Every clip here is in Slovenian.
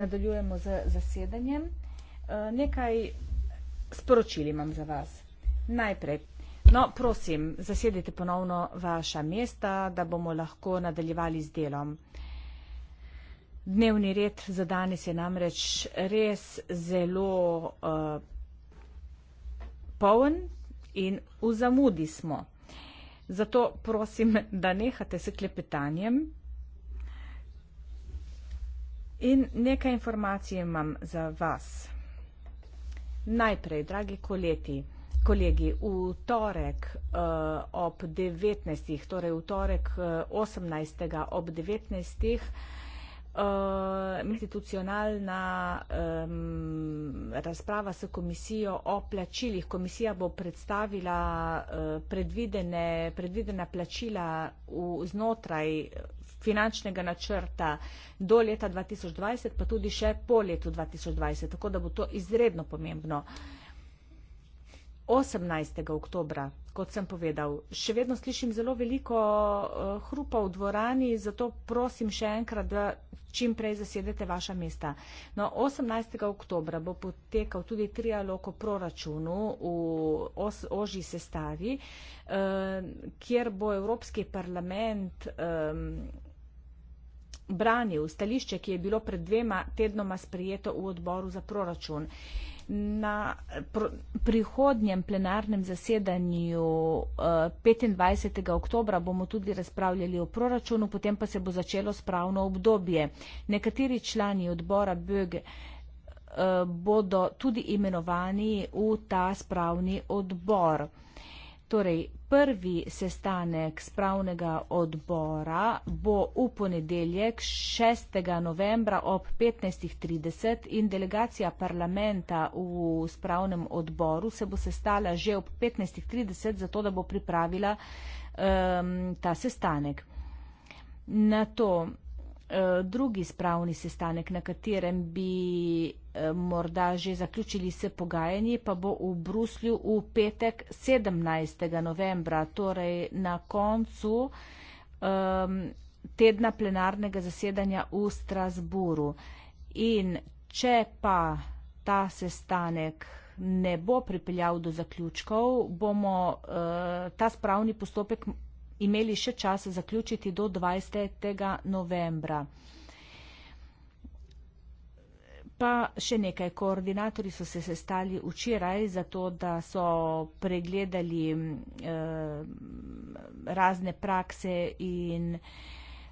Nadaljujemo z zasedanjem. E, nekaj sporočil imam za vas. Najprej, no, prosim, zasedite ponovno vaša mesta, da bomo lahko nadaljevali z delom. Dnevni red za danes je namreč res zelo uh, poln in v zamudi smo. Zato prosim, da nehate se klepetanjem. In nekaj informacij imam za vas. Najprej, dragi koleti, kolegi, v torek uh, ob 19. torej v torek uh, eh, 18. ob 19. Uh, eh, institucionalna um, razprava s komisijo o plačilih. Komisija bo predstavila uh, predvidene, predvidena plačila v, znotraj finančnega načrta do leta 2020, pa tudi še po letu 2020, tako da bo to izredno pomembno. 18. oktobra, kot sem povedal, še vedno slišim zelo veliko eh, hrupa v dvorani, zato prosim še enkrat, da čim prej zasedete vaša mesta. No, 18. oktobra bo potekal tudi trialog o proračunu v oži sestavi, eh, kjer bo Evropski parlament branil stališče, ki je bilo pred dvema tednoma sprejeto v odboru za proračun. Na prihodnjem plenarnem zasedanju 25. Eh, oktobra bomo tudi razpravljali o proračunu, potem pa se bo začelo spravno obdobje. Nekateri člani odbora BG eh, bodo tudi imenovani v ta spravni odbor. Torej, prvi sestanek spravnega odbora bo v ponedeljek 6. novembra ob 15.30 in delegacija parlamenta v spravnem odboru se bo sestala že ob 15.30, zato da bo pripravila um, ta sestanek. Na to Eh, drugi spravni sestanek, na katerem bi eh, morda že zaključili se pogajanji, pa bo v Bruslju v petek 17. novembra, torej na koncu um, tedna plenarnega zasedanja v Strasburu. In če pa ta sestanek ne bo pripeljal do zaključkov, bomo uh, ta spravni postopek imeli še čas zaključiti do 20. novembra. Pa še nekaj. Koordinatori so se sestali včeraj zato, da so pregledali eh, razne prakse in eh,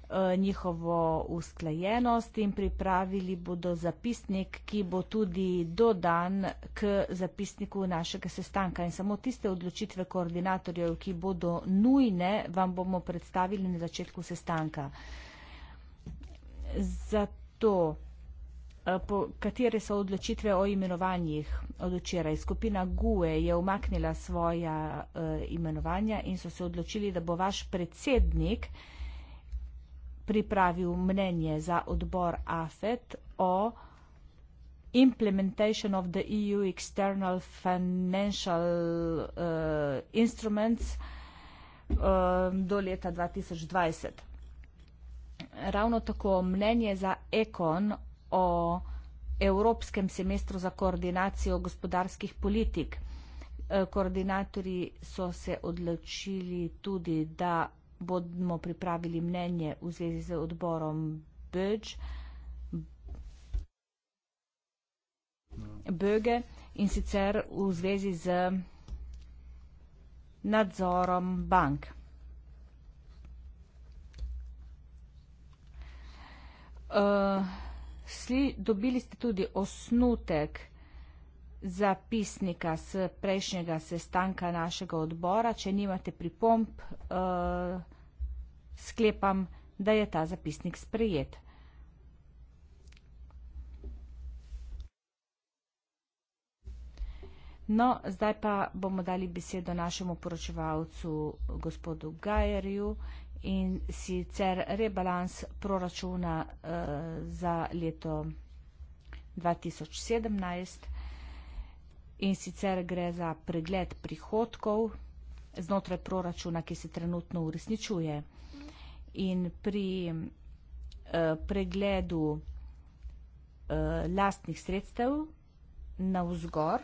Eh, njihovo usklajenost in pripravili bodo zapisnik, ki bo tudi dodan k zapisniku našega sestanka. In samo tiste odločitve koordinatorjev, ki bodo nujne, vam bomo predstavili na začetku sestanka. Zato, eh, po katere so odločitve o imenovanjih od včeraj. Skupina GUE je umaknila svoja uh, imenovanja in so se odločili, da bo vaš predsednik uh, pripravil mnenje za odbor AFET o implementation of the EU external financial uh, instruments uh, do leta 2020. Ravno tako mnenje za ECON o Evropskem semestru za koordinacijo gospodarskih politik. Eh, Koordinatori so se odločili tudi, da bomo pripravili mnenje v zvezi z odborom Bež, Böge in sicer v zvezi z nadzorom bank. Uh, sli, dobili ste tudi osnutek zapisnika z prejšnjega sestanka našega odbora. Če nimate pripomp, uh, sklepam, da je ta zapisnik sprejet. No, zdaj pa bomo dali besedo našemu poročevalcu gospodu Gajerju in sicer rebalans proračuna uh, za leto 2017 in sicer gre za pregled prihodkov znotraj proračuna, ki se trenutno uresničuje. In pri eh, pregledu eh, lastnih sredstev na vzgor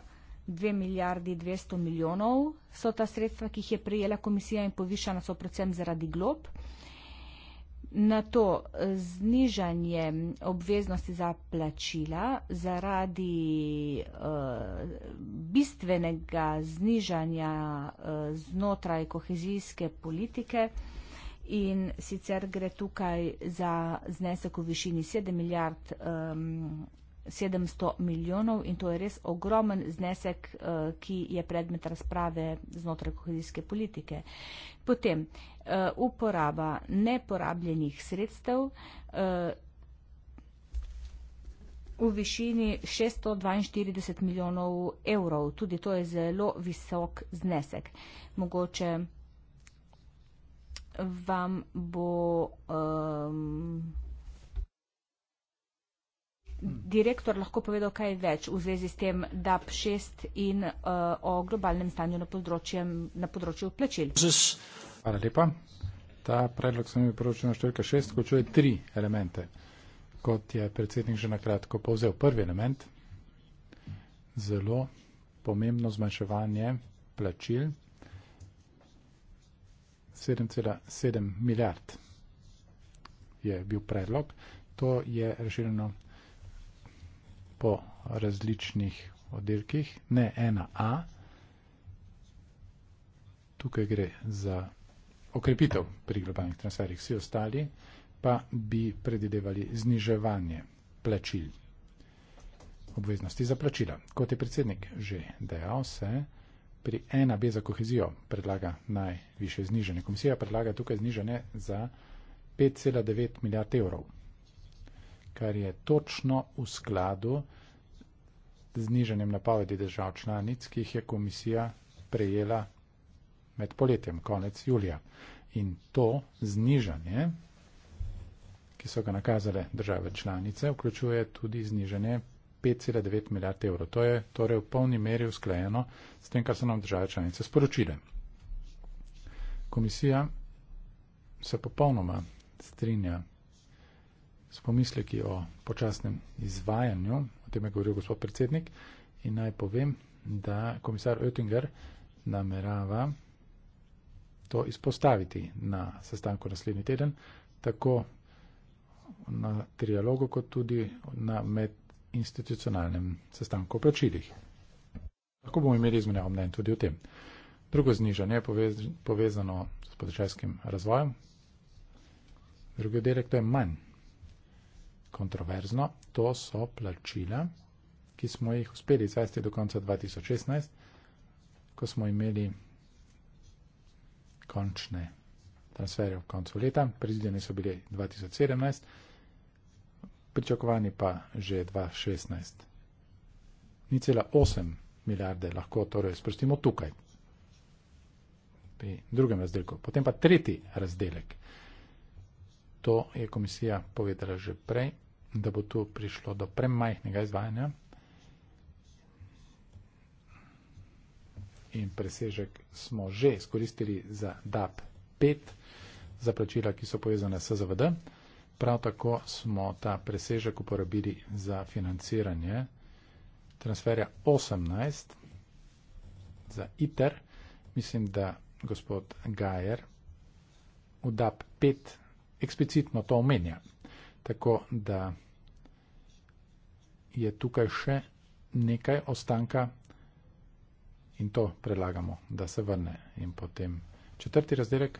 2 milijardi 200 milijonov so ta sredstva, ki jih je prijela komisija in povišana so predvsem zaradi glob. Na to znižanje obveznosti za plačila zaradi uh, bistvenega znižanja uh, znotraj kohezijske politike in sicer gre tukaj za znesek v višini 7 milijard um, 700 milijonov in to je res ogromen znesek, uh, ki je predmet razprave znotraj kohezijske politike. Potem, uh, Eh, uporaba neporabljenih sredstev eh, v višini 642 milijonov evrov. Tudi to je zelo visok znesek. Mogoče vam bo ehm, direktor lahko povedal kaj več v zvezi s tem DAP 6 in eh, o globalnem stanju na področju plačil. Hvala lepa. Ta predlog sem jim poročil na številka šest, vključuje tri elemente, kot je predsednik že nakratko povzel. Prvi element, zelo pomembno zmanjševanje plačil, 7,7 milijard je bil predlog. To je rešeno po različnih oddelkih, ne ena A. Tukaj gre za okrepitev pri globalnih transferjih, vsi ostali pa bi predidevali zniževanje plačil, obveznosti za plačila. Kot je predsednik že dejal, se pri 1B za kohezijo predlaga najviše znižanje. Komisija predlaga tukaj znižanje za 5,9 milijard evrov, kar je točno v skladu z znižanjem napovedi držav članic, ki jih je komisija prejela med poletjem, konec julija. In to znižanje, ki so ga nakazale države članice, vključuje tudi znižanje 5,9 milijard evrov. To je torej v polni meri usklajeno s tem, kar so nam države članice sporočile. Komisija se popolnoma strinja s pomisleki o počasnem izvajanju, o tem je govoril gospod predsednik, in naj povem, da komisar Oettinger namerava to izpostaviti na sestanku naslednji teden, tako na trialogu, kot tudi na medinstitucionalnem sestanku o plačilih. Lahko bomo imeli izmenjav mnen tudi o tem. Drugo znižanje je povez, povezano s podrečajskim razvojem. Drugi delek to je manj kontroverzno. To so plačila, ki smo jih uspeli izvesti do konca 2016, ko smo imeli končne transferje ob koncu leta. Predvideni so bili 2017, pričakovani pa že 2016. Ni cela 8 milijarde lahko torej sprostimo tukaj, pri drugem razdelku. Potem pa tretji razdelek. To je komisija povedala že prej, da bo tu prišlo do premajhnega izvajanja in presežek smo že izkoristili za DAP 5, za plačila, ki so povezane s ZVD. Prav tako smo ta presežek uporabili za financiranje transferja 18 za ITER. Mislim, da gospod Gajer v DAP 5 eksplicitno to omenja. Tako da je tukaj še nekaj ostanka in to predlagamo, da se vrne. In potem četrti razdelek,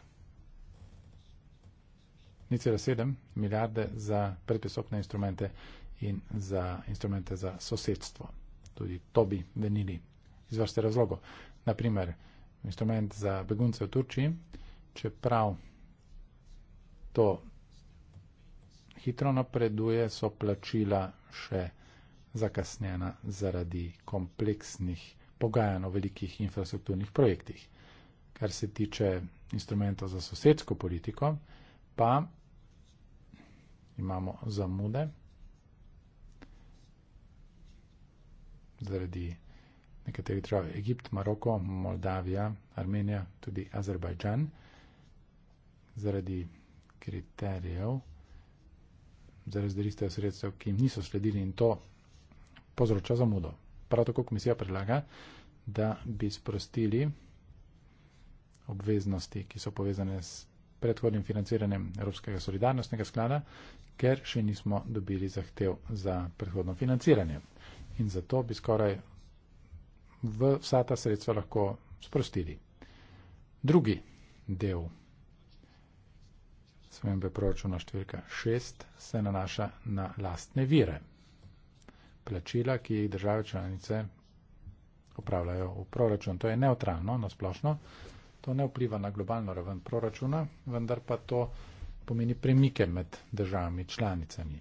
nič cela sedem milijarde za predvisokne instrumente in za instrumente za sosedstvo. Tudi to bi venili iz vrste razlogov. Naprimer, instrument za begunce v Turčiji, čeprav to hitro napreduje, so plačila še zakasnjena zaradi kompleksnih pogajanj o velikih infrastrukturnih projektih. Kar se tiče instrumentov za sosedsko politiko, pa imamo zamude zaradi nekaterih držav Egipt, Maroko, Moldavija, Armenija, tudi Azerbajdžan, zaradi kriterijev za razdelitev sredstev, ki jim niso sledili in to povzroča zamudo prav tako komisija predlaga, da bi sprostili obveznosti, ki so povezane s predhodnim financiranjem Evropskega solidarnostnega sklada, ker še nismo dobili zahtev za predhodno financiranje. In zato bi skoraj vsa ta sredstva lahko sprostili. Drugi del spremembe proračuna številka 6 se nanaša na lastne vire plačila, ki jih države članice upravljajo v proračun. To je neutralno, nasplošno. To ne vpliva na globalno raven proračuna, vendar pa to pomeni premike med državami članicami.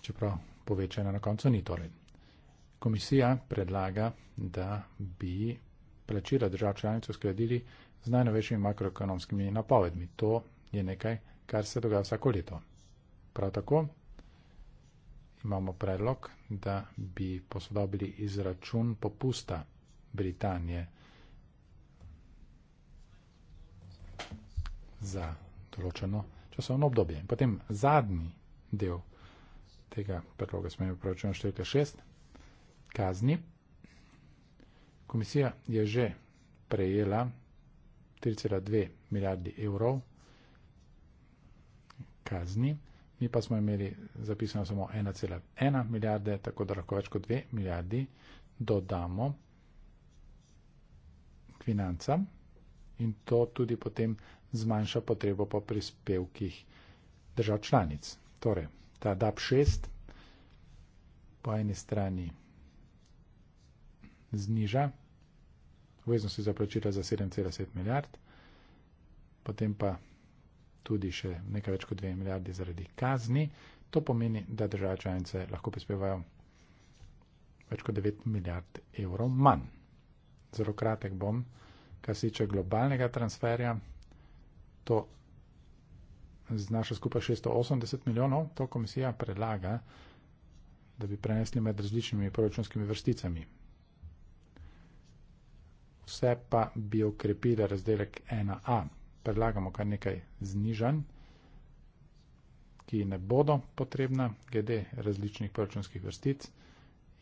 Čeprav povečanje na koncu ni torej. Komisija predlaga, da bi plačila držav članic uskladili z najnovejšimi makroekonomskimi napovedmi. To je nekaj, kar se dogaja vsako leto. Prav tako imamo predlog, da bi posodobili izračun popusta Britanije za določeno časovno obdobje. Potem zadnji del tega predloga smo imeli proračun 4.6. Kazni. Komisija je že prejela 3,2 milijardi evrov kazni mi pa smo imeli zapisano samo 1,1 milijarde, tako da lahko več kot 2 milijardi dodamo k financam in to tudi potem zmanjša potrebo po prispevkih držav članic. Torej, ta DAP 6 po eni strani zniža obveznosti za plačila za 7,7 milijard, potem pa tudi še nekaj več kot 2 milijardi zaradi kazni. To pomeni, da države članice lahko prispevajo več kot 9 milijard evrov manj. Zelo kratek bom, kar se tiče globalnega transferja, to znaša skupaj 680 milijonov, to komisija predlaga, da bi prenesli med različnimi proračunskimi vrsticami. Vse pa bi okrepila razdelek 1A predlagamo kar nekaj znižanj, ki ne bodo potrebna glede različnih proračunskih vrstic.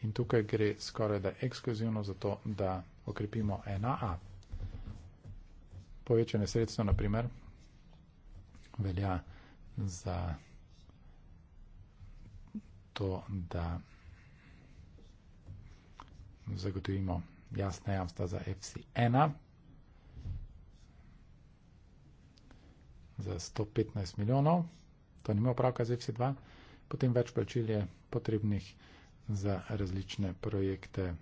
In tukaj gre skoraj da ekskluzivno za to, da okrepimo NAA. Povečanje sredstva, naprimer, velja za to, da zagotovimo jasna jamstva za FC1. za 115 milijonov, to ni imel pravka z FC2, potem več plačil je potrebnih za različne projekte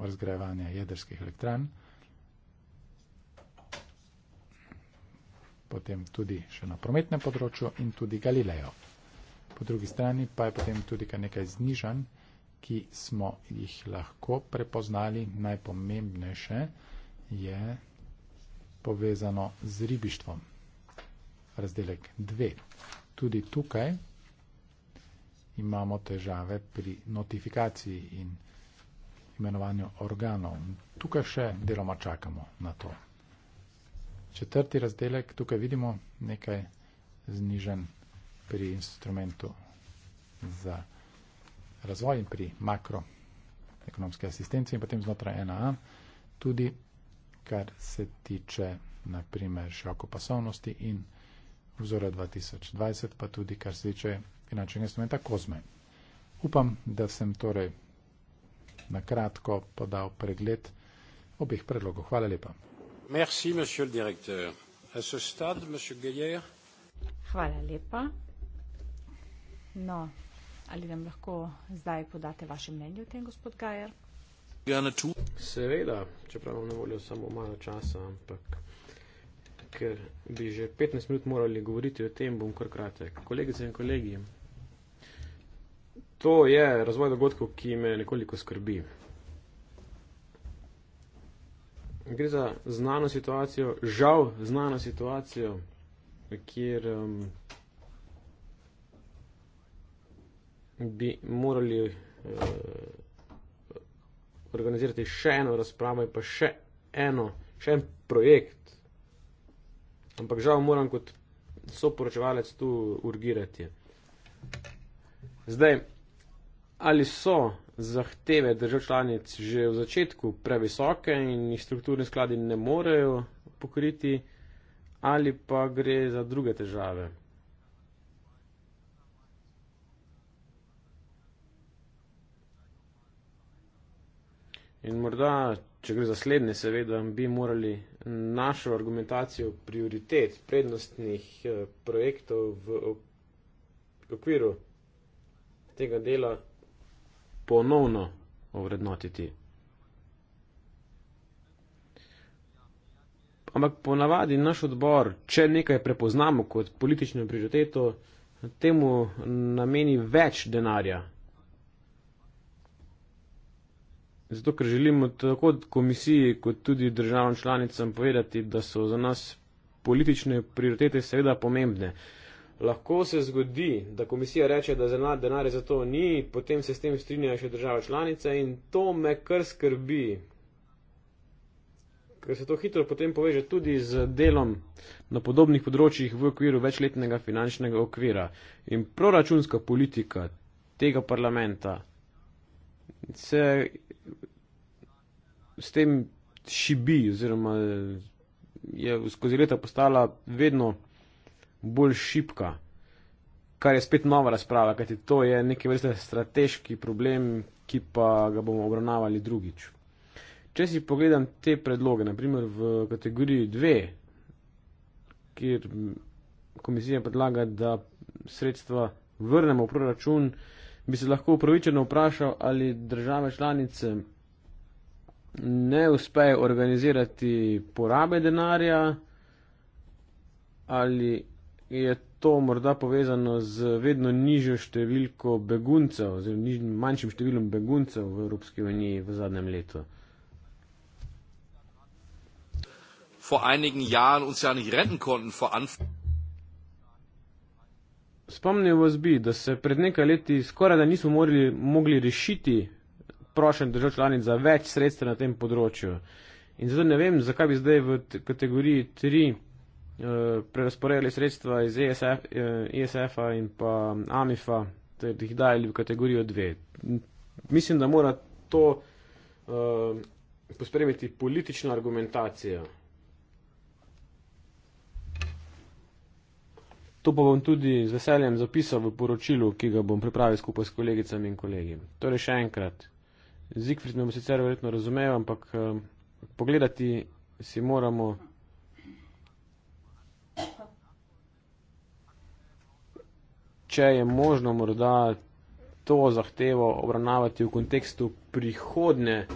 razgrajevanja jedrskih elektran, potem tudi še na prometnem področju in tudi Galilejo. Po drugi strani pa je potem tudi kar nekaj znižanj, ki smo jih lahko prepoznali. Najpomembnejše je povezano z ribištvom razdelek 2. Tudi tukaj imamo težave pri notifikaciji in imenovanju organov. Tukaj še deloma čakamo na to. Četrti razdelek, tukaj vidimo nekaj znižen pri instrumentu za razvoj in pri makroekonomske asistenci in potem znotraj 1A. Tudi kar se tiče naprimer širokopasovnosti in razvoj vzora 2020, pa tudi kar se tiče finančnega instrumenta Kozme. Upam, da sem torej na kratko podal pregled obih predlogov. Hvala lepa. Merci, stad, Hvala lepa. No, ali nam lahko zdaj podate vaše mnenje o tem, gospod Gajer? Seveda, čeprav imamo na voljo samo malo časa, ampak ker bi že 15 minut morali govoriti o tem, bom kar kratek. Kolegice in kolegi, to je razvoj dogodkov, ki me nekoliko skrbi. Gre za znano situacijo, žal znano situacijo, kjer um, bi morali uh, organizirati še eno razpravo in pa še eno, še en projekt, Ampak žal moram kot soporočevalec tu urgirati. Zdaj, ali so zahteve držav članic že v začetku previsoke in jih strukturni skladi ne morejo pokriti, ali pa gre za druge težave? In morda, če gre za slednje, seveda bi morali našo argumentacijo prioritet prednostnih eh, projektov v okviru tega dela ponovno ovrednotiti. Ampak ponavadi naš odbor, če nekaj prepoznamo kot politično prioriteto, temu nameni več denarja Zato, ker želimo tako komisiji, kot tudi državam članicam povedati, da so za nas politične prioritete seveda pomembne. Lahko se zgodi, da komisija reče, da denarja za to ni, potem se s tem strinjajo še države članice in to me kar skrbi, ker se to hitro potem poveže tudi z delom na podobnih področjih v okviru večletnega finančnega okvira. In proračunska politika tega parlamenta se s tem šibi, oziroma je skozi leta postala vedno bolj šipka, kar je spet nova razprava, kajti to je neki vrste strateški problem, ki pa ga bomo obravnavali drugič. Če si pogledam te predloge, naprimer v kategoriji 2, kjer komisija predlaga, da sredstva vrnemo v proračun, bi se lahko upravičeno vprašal, ali države članice ne uspe organizirati porabe denarja, ali je to morda povezano z vedno nižjo številko beguncev, oziroma manjšim številom beguncev v Evropski uniji v zadnjem letu. Ja Spomnil vas bi, da se pred nekaj leti skoraj da nismo mogli, mogli rešiti prošen držav članic za več sredstev na tem področju. In zato ne vem, zakaj bi zdaj v kategoriji 3 eh, prerasporedili sredstva iz ESF-a eh, e ESF in pa mm, AMIF-a, da jih dajali v kategorijo 2. Mislim, da mora to uh, pospremiti politična argumentacija. To pa bom tudi z veseljem zapisal v poročilu, ki ga bom pripravil skupaj s kolegicami in kolegi. Torej še enkrat. Zigfrid me bo sicer verjetno razumel, ampak um, pogledati si moramo. Če je možno morda to zahtevo obravnavati v kontekstu prihodne,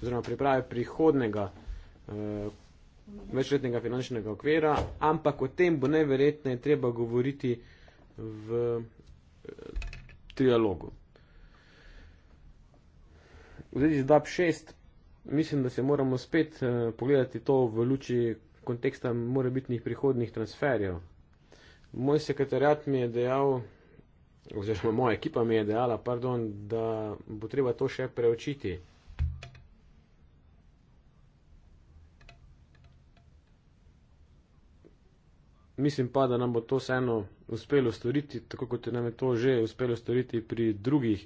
oziroma priprave prihodnega uh, eh, večletnega finančnega okvira, ampak o tem bo najverjetneje treba govoriti v uh, trialogu. V zvezi z DAP6 mislim, da se moramo spet uh, pogledati to v luči konteksta morebitnih prihodnih transferjev. Moj sekretarjat mi je dejal, oziroma moja ekipa mi je dejala, pardon, da bo treba to še preočiti. Mislim pa, da nam bo to vseeno uspelo storiti, tako kot je nam je to že uspelo storiti pri drugih.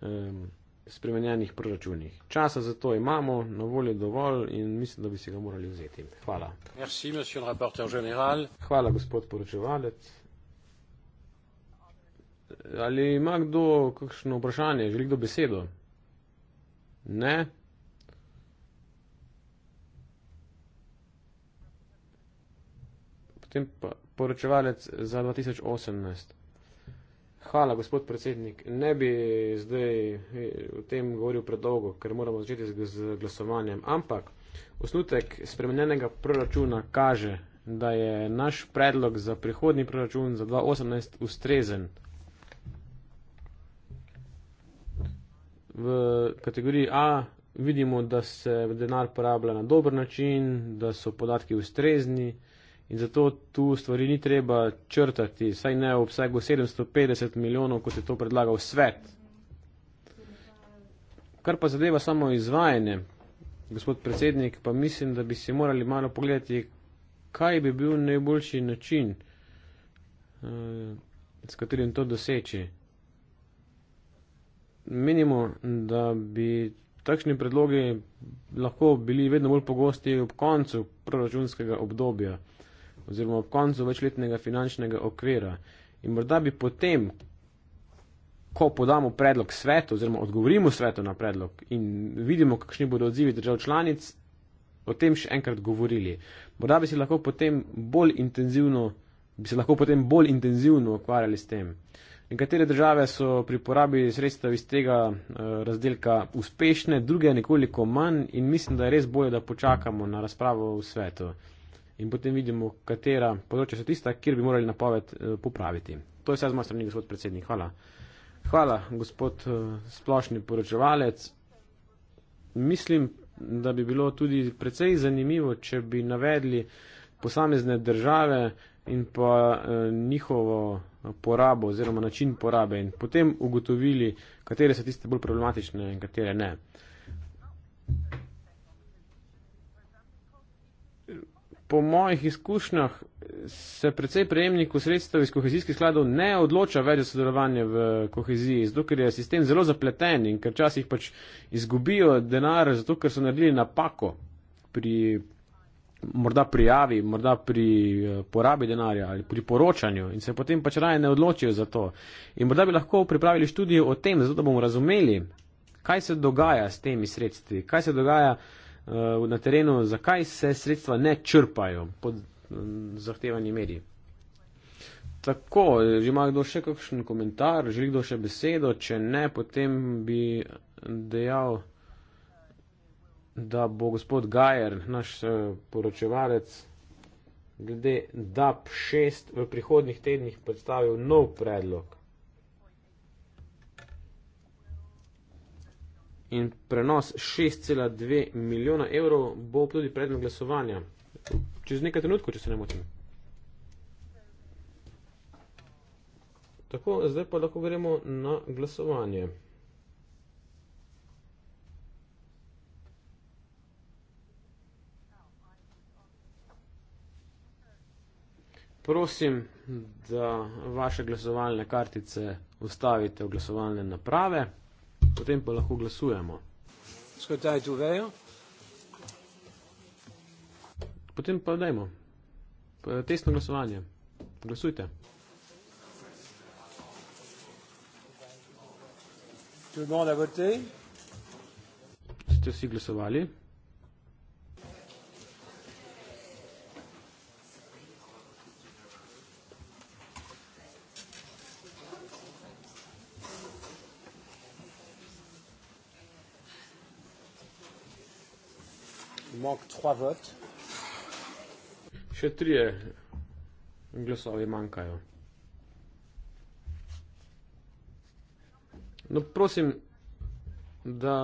Um, spremenjenih proračunih. Časa za to imamo, na voljo dovolj in mislim, da bi si ga morali vzeti. Hvala. Merci, Hvala, gospod poročevalec. Ali ima kdo kakšno vprašanje? Želi kdo besedo? Ne? Potem pa poročevalec za 2018. Hvala, gospod predsednik. Ne bi zdaj eh, o tem govoril predolgo, ker moramo začeti z glasovanjem. Ampak osnutek spremenjenega proračuna kaže, da je naš predlog za prihodni proračun za 2018 ustrezen. V kategoriji A vidimo, da se denar porablja na dober način, da so podatki ustrezni. In zato tu stvari ni treba črtati, saj ne v obsegu 750 milijonov, kot je to predlagal svet. Kar pa zadeva samo izvajanje, gospod predsednik, pa mislim, da bi si morali malo pogledati, kaj bi bil najboljši način, eh, s katerim to doseči. Menimo, da bi takšni predlogi lahko bili vedno bolj pogosti ob koncu proračunskega obdobja oziroma ob koncu večletnega finančnega okvira. In morda bi potem, ko podamo predlog svetu oziroma odgovorimo svetu na predlog in vidimo, kakšni bodo odzivi držav članic, o tem še enkrat govorili. Morda bi se lahko potem bolj intenzivno, bi se lahko potem bolj intenzivno ukvarjali s tem. Nekatere države so pri porabi sredstev iz tega eh, razdelka uspešne, druge nekoliko manj in mislim, da je res bolje, da počakamo na razpravo v svetu in potem vidimo, katera področja so tista, kjer bi morali napoved eh, popraviti. To je vse z moje strani, gospod predsednik. Hvala. Hvala, gospod eh, splošni poročevalec. Mislim, da bi bilo tudi precej zanimivo, če bi navedli posamezne države in pa eh, njihovo porabo oziroma način porabe in potem ugotovili, katere so tiste bolj problematične in katere ne. po mojih izkušnjah se predvsej prejemnikov sredstev iz kohezijskih skladov ne odloča več za sodelovanje v koheziji, zato ker je sistem zelo zapleten in ker časih pač izgubijo denar, zato ker so naredili napako pri morda prijavi, morda pri eh, porabi denarja ali pri poročanju in se potem pač raje ne odločijo za to. In morda bi lahko pripravili študijo o tem, zato da bomo razumeli, kaj se dogaja s temi sredstvi, kaj se dogaja uh, na terenu, zakaj se sredstva ne črpajo pod uh, zahtevani meri. Tako, že ima kdo še kakšen komentar, želi kdo še besedo, če ne, potem bi dejal, da bo gospod Gajer, naš uh, poročevalec, glede DAP 6 v prihodnih tednih predstavil nov predlog. in prenos 6,2 milijona evrov bo tudi predmet glasovanja. Čez nekaj trenutku, če se ne motim. Tako, zdaj pa lahko gremo na glasovanje. Prosim, da vaše glasovalne kartice ustavite v glasovalne naprave potem pa lahko glasujemo. Potem pa dajmo. Testno glasovanje. Glasujte. Ste vsi glasovali? trois votes. Še trije glasovi manjkajo. No, prosim, da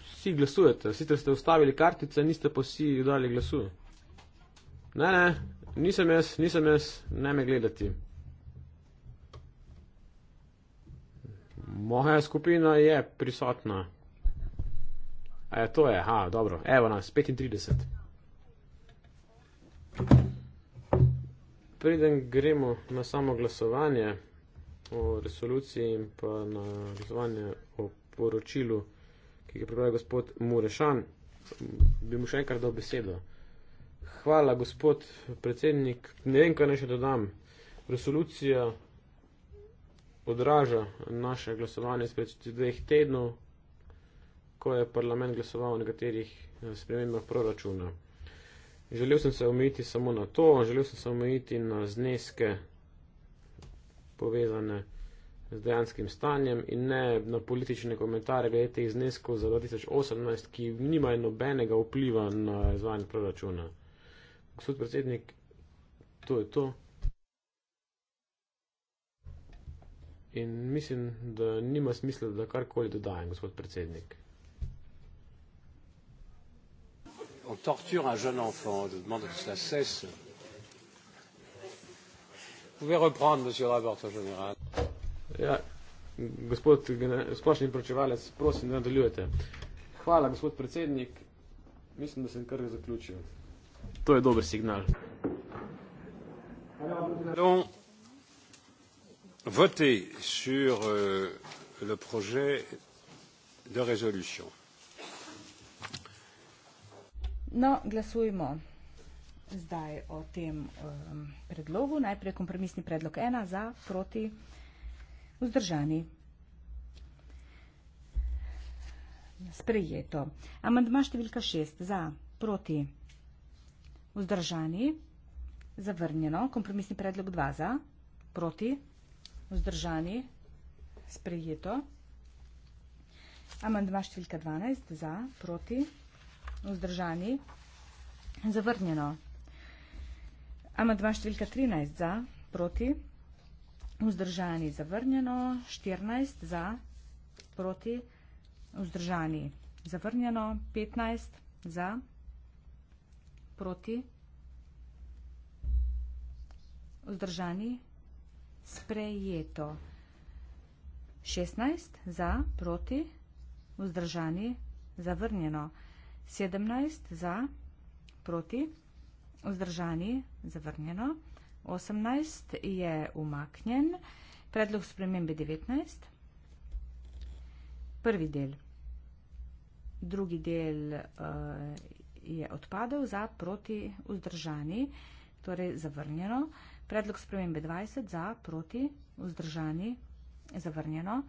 vsi glasujete. Sicer ste ustavili kartice, niste pa vsi dali glasu. Ne, ne, nisem jaz, nisem jaz, ne me gledati. Moja skupina je prisotna. E, to je, ha, dobro, evo nas, 35. preden gremo na samo glasovanje o resoluciji in pa na glasovanje o poročilu, ki je pripravil gospod Murešan, bi mu še enkrat dal besedo. Hvala, gospod predsednik. Ne vem, kaj naj še dodam. Resolucija odraža naše glasovanje spred dveh tednov, ko je parlament glasoval o nekaterih spremembah proračuna. Želel sem se omejiti samo na to, želel sem se omejiti na zneske povezane z dejanskim stanjem in ne na politične komentare glede teh zneskov za 2018, ki nimajo nobenega vpliva na izvajanje proračuna. Gospod predsednik, to je to. In mislim, da nima smisla, da karkoli dodajem, gospod predsednik. on torture un jeune enfant. Je vous demande que cela cesse. Vous pouvez reprendre, monsieur le rapporteur général. Ja, gospod splošni pročevalec, prosim, da nadaljujete. Hvala, gospod predsednik. Mislim, da sem kar zaključil. To je dober signal. Donc, voter sur euh, le projet de résolution. No, glasujmo zdaj o tem um, predlogu. Najprej kompromisni predlog ena za, proti, vzdržani. Sprejeto. Amandma številka šest za, proti, vzdržani. Zavrnjeno. Kompromisni predlog dva za, proti, vzdržani. Sprejeto. Amandma številka 12 za, proti, vzdržani vzdržani. Zavrnjeno. Amadva številka 13 za, proti, vzdržani, zavrnjeno, 14 za, proti, vzdržani, zavrnjeno, 15 za, proti, vzdržani, sprejeto, 16 za, proti, vzdržani, zavrnjeno, 15 za, proti, vzdržani, zavrnjeno. 17 za, proti, vzdržani, zavrnjeno, 18 je umaknjen, predlog spremembe 19, prvi del, drugi del eh, je odpadel za, proti, vzdržani, torej zavrnjeno, predlog spremembe 20 za, proti, vzdržani, zavrnjeno,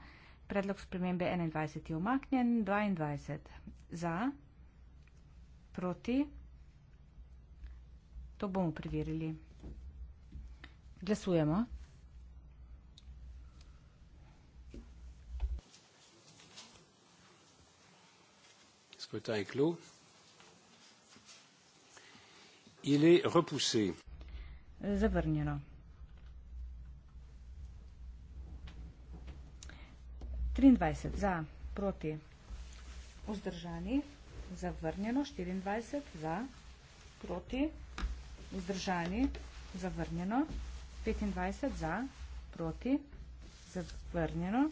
predlog spremembe 21 je umaknjen, 22 za, proti, vzdržani, proti. To bomo preverili. Glasujemo. Scrutin clos. Il est repoussé. Zavrnjeno. Trindvajset za, proti, vzdržani zavrnjeno, 24 za, proti, vzdržani, zavrnjeno, 25 za, proti, zavrnjeno,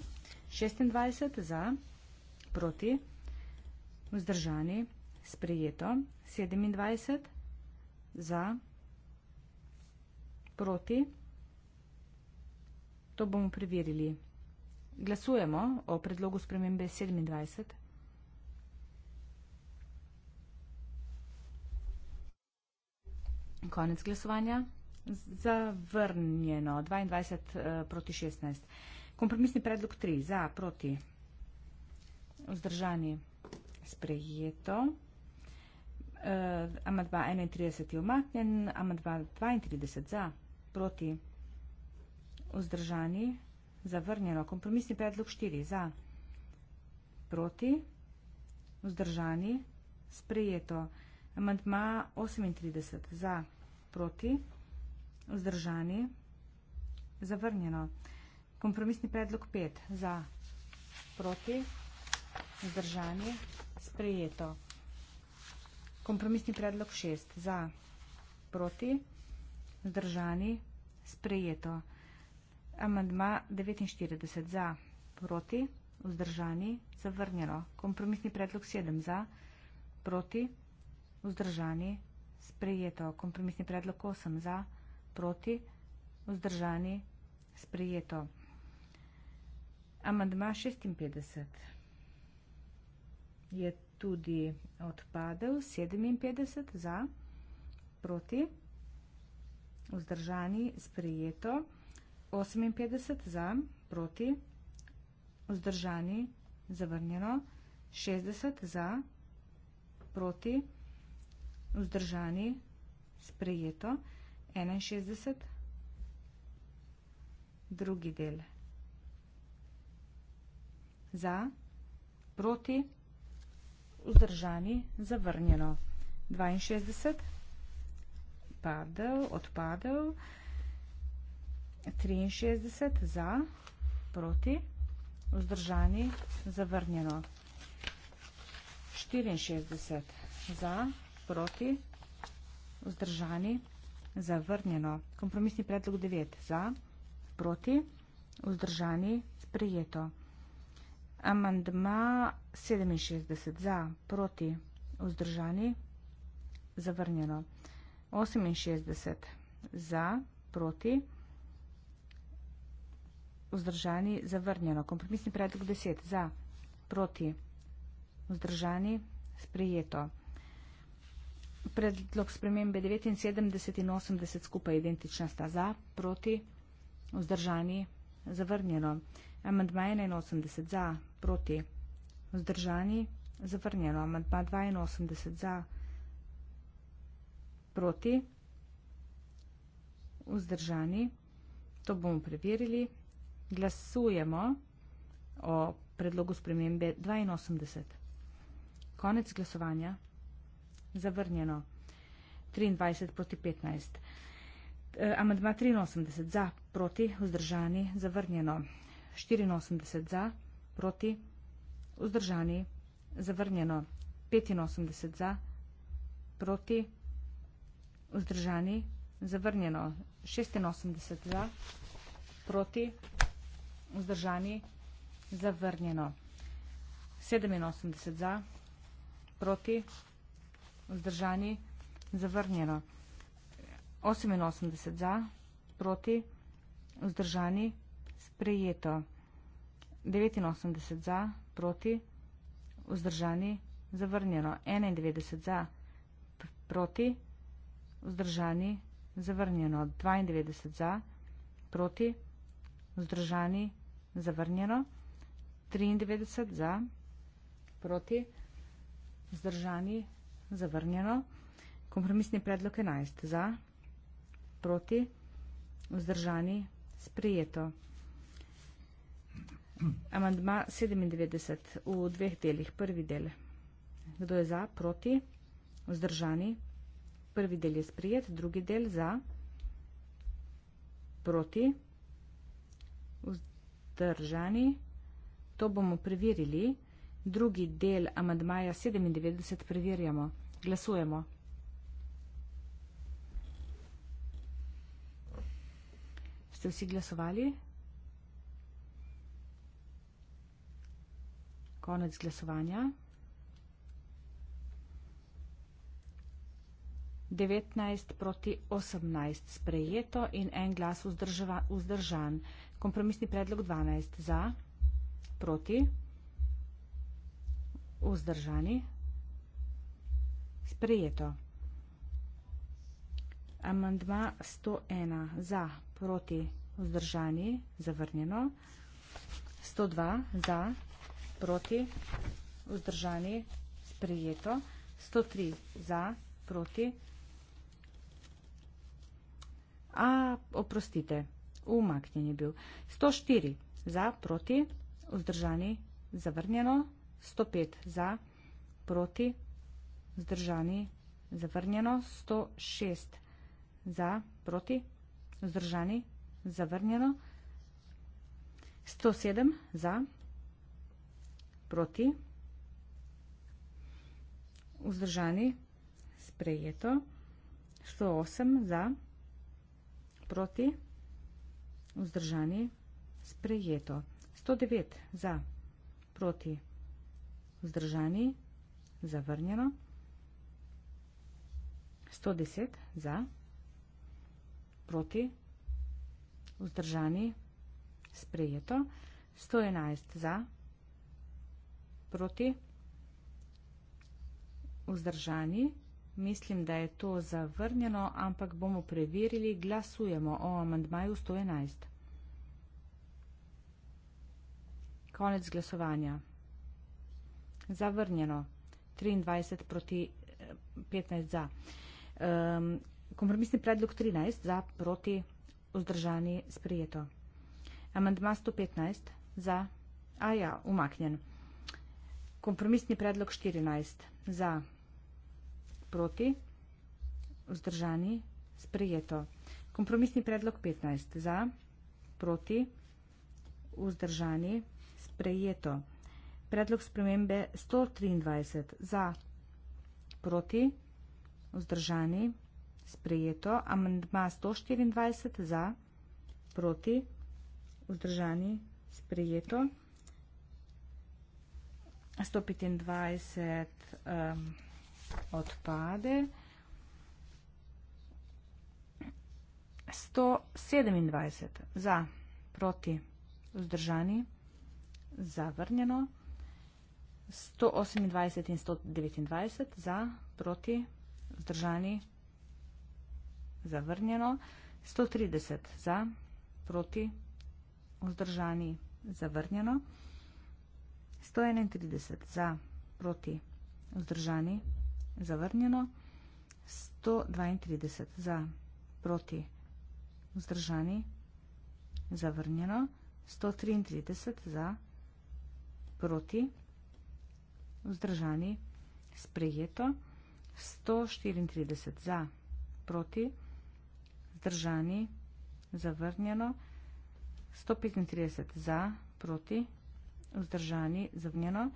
26 za, proti, vzdržani, sprejeto, 27 za, proti, to bomo preverili. Glasujemo o predlogu spremembe 27. Konec glasovanja. Zavrnjeno. 22 eh, proti 16. Kompromisni predlog 3. Za proti. Vzdržani. Sprejeto. Uh, amadba 31 je omaknjen, amadba 32 za, proti, vzdržani, zavrnjeno. Kompromisni predlog 4 za, proti, vzdržani, sprejeto. Amantma 38 za, proti, vzdržani, zavrnjeno. Kompromisni predlog 5 za, proti, vzdržani, sprejeto. Kompromisni predlog 6 za, proti, vzdržani, sprejeto. Amantma 49 za, proti, vzdržani, zavrnjeno. Kompromisni predlog 7 za, proti, vzdržani vzdržani, sprejeto. Kompromisni predlog 8 za, proti, vzdržani, sprejeto. Amandma 56 je tudi odpadel, 57 za, proti, vzdržani, sprejeto, 58 za, proti, vzdržani, zavrnjeno, 60 za, proti, vzdržani, vzdržani, sprejeto, 61, drugi del, za, proti, vzdržani, zavrnjeno, 62, padel, odpadel, 63, za, proti, vzdržani, zavrnjeno, 64, za, proti, vzdržani, zavrnjeno. Kompromisni predlog 9 za, proti, vzdržani, sprejeto. Amandma 67 za, proti, vzdržani, zavrnjeno. 68 za, proti, vzdržani, zavrnjeno. Kompromisni predlog 10 za, proti, vzdržani, sprejeto. Sprejeto predlog spremembe 79 in 80 skupaj identična sta za, proti, vzdržani, zavrnjeno. Amandma 81 za, proti, vzdržani, zavrnjeno. Amandma 82 za, proti, vzdržani. To bomo preverili. Glasujemo o predlogu spremembe 82. Konec glasovanja zavrnjeno. 23 proti 15. Amadma 83 za, proti, vzdržani, zavrnjeno. 84 za, proti, vzdržani, zavrnjeno. 85 za, proti, vzdržani, zavrnjeno. 86 za, proti, vzdržani, zavrnjeno. 87 za, proti, vzdržani, zavrnjeno vzdržani, zavrnjeno. 88 za, proti, vzdržani, sprejeto. 89 za, proti, vzdržani, zavrnjeno. 91 za, proti, vzdržani, zavrnjeno. 92 za, proti, vzdržani, zavrnjeno. 93 za, proti, vzdržani, zavrnjeno zavrnjeno. Kompromisni predlog 11 za, proti, vzdržani, sprijeto. Amandma 97 v dveh delih, prvi del. Kdo je za, proti, vzdržani, prvi del je sprijet, drugi del za, proti, vzdržani. To bomo preverili drugi del amadmaja 97 preverjamo. Glasujemo. Ste vsi glasovali? Konec glasovanja. 19 proti 18 sprejeto in en glas vzdržan. Kompromisni predlog 12 za, proti. Vzdržani. Sprejeto. Amandma 101. Za, proti, vzdržani, zavrnjeno. 102. Za, proti, vzdržani, sprejeto. 103. Za, proti. A, oprostite, umaknjen je bil. 104. Za, proti, vzdržani, zavrnjeno. 104. 105 za, proti, zdržani, zavrnjeno, 106 za, proti, zdržani, zavrnjeno, 107 za, proti, vzdržani, sprejeto, 108 za, proti, vzdržani, sprejeto, 109 za, proti, vzdržani, sprejeto, Vzdržani. Zavrnjeno. 110. Za. Proti. Vzdržani. Sprejeto. 111. Za. Proti. Vzdržani. Mislim, da je to zavrnjeno, ampak bomo preverili. Glasujemo o amandmaju 111. Konec glasovanja zavrnjeno, 23 proti 15 eh, za. Um, kompromisni predlog 13 za proti vzdržani sprijeto. Amandma 115 za, a ja, umaknjen. Kompromisni predlog 14 za proti vzdržani sprijeto. Kompromisni predlog 15 za proti vzdržani sprijeto predlog spremembe 123 za proti vzdržani sprejeto, amandma 124 za proti vzdržani sprejeto, 125 um, odpade, 127 za proti vzdržani zavrnjeno, 128 in 129 za, proti, vzdržani, zavrnjeno. 130 za, proti, vzdržani, zavrnjeno. 131 za, proti, vzdržani, zavrnjeno. 132 za, proti, vzdržani, zavrnjeno. 133 za, proti, vzdržani, zavrnjeno vzdržani, sprejeto, 134 za, proti, vzdržani, zavrnjeno, 135 za, proti, vzdržani, zavrnjeno,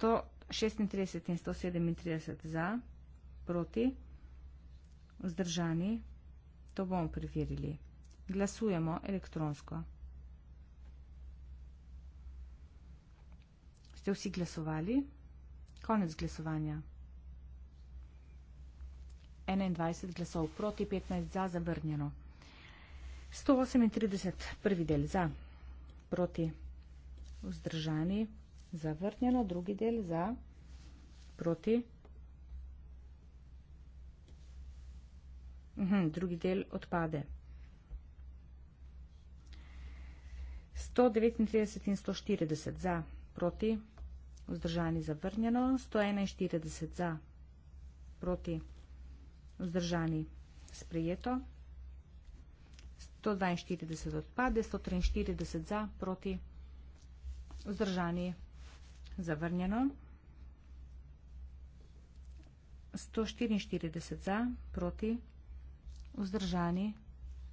136 in 137 za, proti, vzdržani, to bomo preverili. Glasujemo elektronsko. 136. Ste vsi glasovali? Konec glasovanja. 21 glasov proti, 15 za, zavrnjeno. 138 prvi del za, proti, vzdržani, zavrnjeno, drugi del za, proti, uh mhm, -huh, drugi del odpade. 139 in 140 za, proti, vzdržani vzdržani zavrnjeno, 141 za, proti vzdržani sprejeto, 142 odpade, 143 za, proti vzdržani zavrnjeno, 144 za, proti vzdržani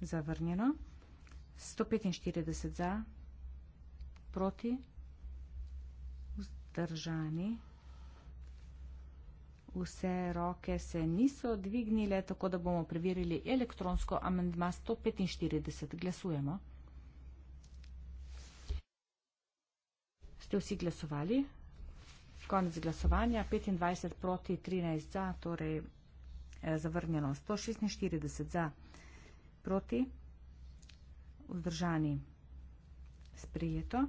zavrnjeno, 145 za, proti vzdržani zavrnjeno, 145 za, proti vzdržani zavrnjeno, 145 za, proti vzdržani zavrnjeno, 145 za, proti vzdržani zavrnjeno, 145 za, proti vzdržani zavrnjeno, 145 za, proti vzdržani zavrnjeno, 145 za, proti vzdržani zavrnjeno, 145 za, proti vzdržani zavrnjeno, 145 za, proti vzdržani zavrnjeno, 145 za, proti vzdržani zavrnjeno, 145 za, proti vzdržani zavrnjeno, 145 za, proti vzdržani zavrnjeno, 145 za, proti vzdržani zavrnjeno, 145 za, proti vzdržani zavrnjeno, 145 za, proti vzdržani zavrnjeno, 145 za, proti vzdržani zavrnjeno, 145 za, proti vzdržani zavrnjeno, 145 za, proti vzdržani zavrnjeno, 145 za, proti vzdržani zavrn držani. Vse roke se niso dvignile, tako da bomo preverili elektronsko amendma 145. Glasujemo. Ste vsi glasovali? Konec glasovanja. 25 proti 13 za, torej eh, zavrnjeno 146 za proti. Vzdržani. Sprijeto.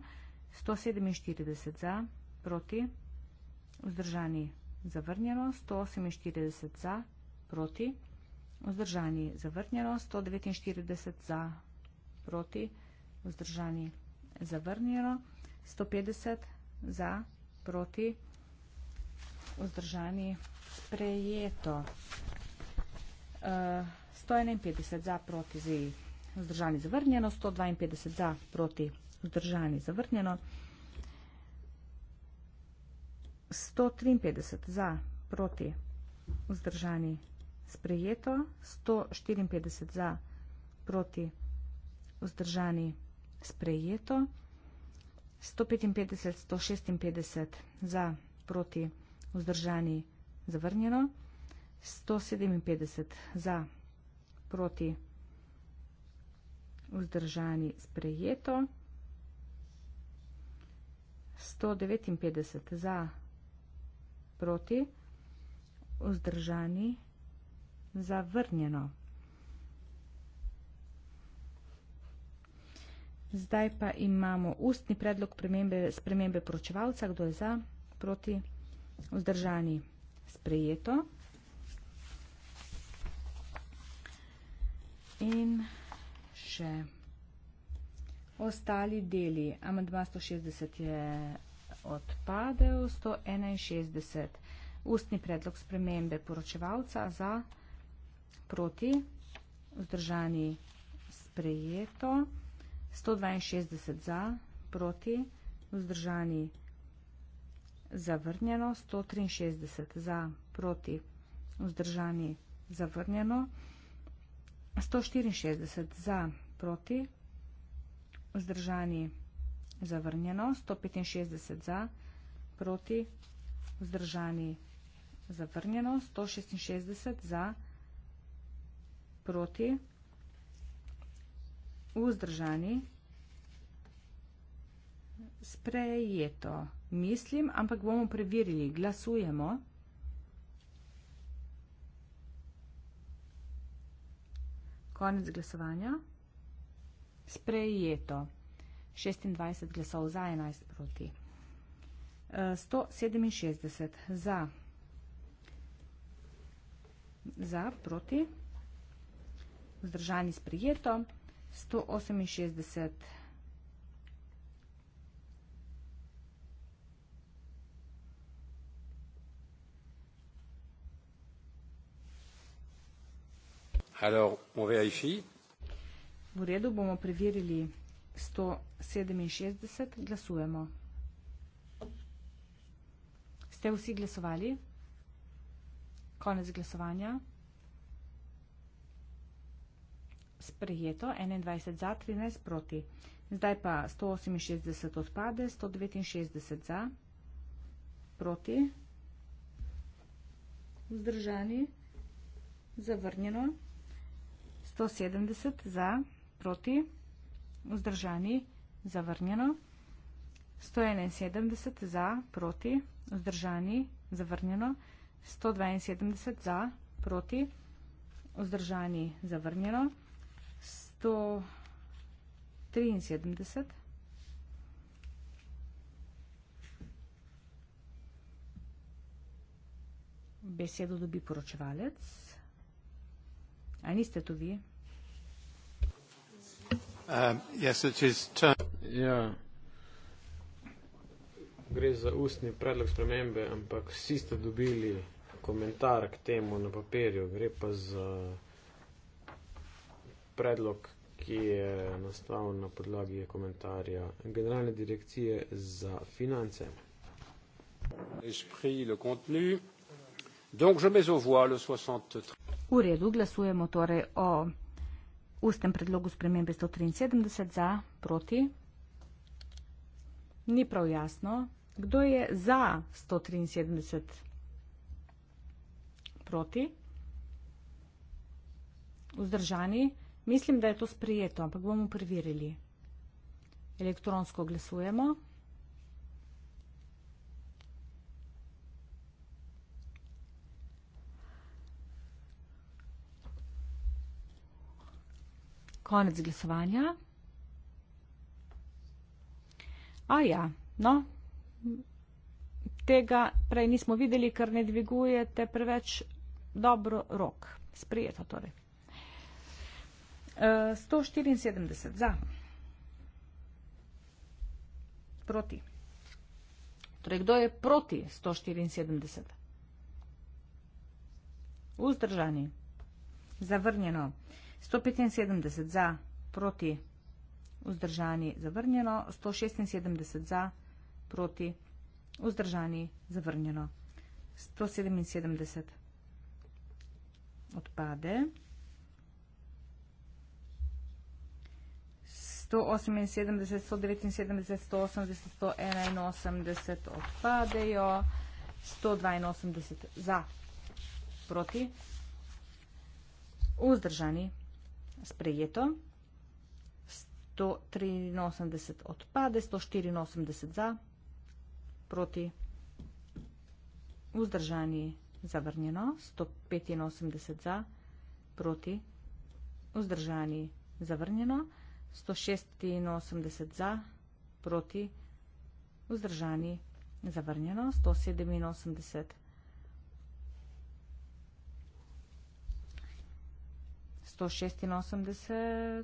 147 za proti, vzdržani zavrnjeno, 148 za, proti, vzdržani zavrnjeno, 149 za, proti, vzdržani zavrnjeno, 150 za, proti, vzdržani prejeto. 151 e, za, proti, vzdržani zavrnjeno, 152 za, proti, vzdržani zavrnjeno, 153 za, proti, vzdržani, sprejeto, 154 za, proti, vzdržani, sprejeto, 155, 156 za, proti, vzdržani, zavrnjeno, 157 za, proti, vzdržani, sprejeto, 159 za, proti, vzdržani, sprejeto, proti, vzdržani, zavrnjeno. Zdaj pa imamo ustni predlog spremembe poročevalca, kdo je za, proti, vzdržani, sprejeto. In še ostali deli. Amandma 160 je odpadev 161. Ustni predlog spremembe poročevalca za proti vzdržani sprejeto 162 za proti vzdržani zavrnjeno 163 za proti vzdržani zavrnjeno 164 za proti vzdržani zavrnjeno zavrnjeno, 165 za, proti, vzdržani, zavrnjeno, 166 za, proti, vzdržani, sprejeto. Mislim, ampak bomo preverili, glasujemo. Konec glasovanja. Sprejeto. 26 glasov za, 11 proti. 167 eh, za, za proti, vzdržani sprijeto, 168 Alors, on vérifie. V redu bomo preverili. 167 glasujemo. Ste vsi glasovali? Konec glasovanja. Sprejeto 21 za, 13 proti. Zdaj pa 168 odpade, 169 za, proti, vzdržani, zavrnjeno, 170 za, proti vzdržani, zavrnjeno. 171 za, proti, vzdržani, zavrnjeno. 172 za, proti, vzdržani, zavrnjeno. 173. Besedo dobi poročevalec. A niste tu vi? Um, yes, it is term- Ja, gre za ustni predlog spremembe, ampak vsi ste dobili komentar k temu na papirju. Gre pa za predlog, ki je nastal na podlagi komentarja Generalne direkcije za finance. V redu, glasujemo torej o ustnem predlogu spremembe 173 za, proti. Ni prav jasno, kdo je za 173 proti. Vzdržani, mislim, da je to sprejeto, ampak bomo preverili. Elektronsko glasujemo. Elektronsko glasujemo. konec glasovanja. A ja, no, tega prej nismo videli, ker ne dvigujete preveč dobro rok. Sprijeto torej. E, 174 za. Proti. Torej, kdo je proti 174? Vzdržani. Zavrnjeno. 175 za, proti, vzdržani, zavrnjeno, 176 za, proti, vzdržani, zavrnjeno, 177 odpade, 178, 179, 180, 181 odpadejo, 182 za, proti, vzdržani, 177 sprejeto. 183 odpade, 184 za, proti vzdržani zavrnjeno, 185 za, proti vzdržani zavrnjeno, 186 za, proti vzdržani zavrnjeno, 187 za. 186.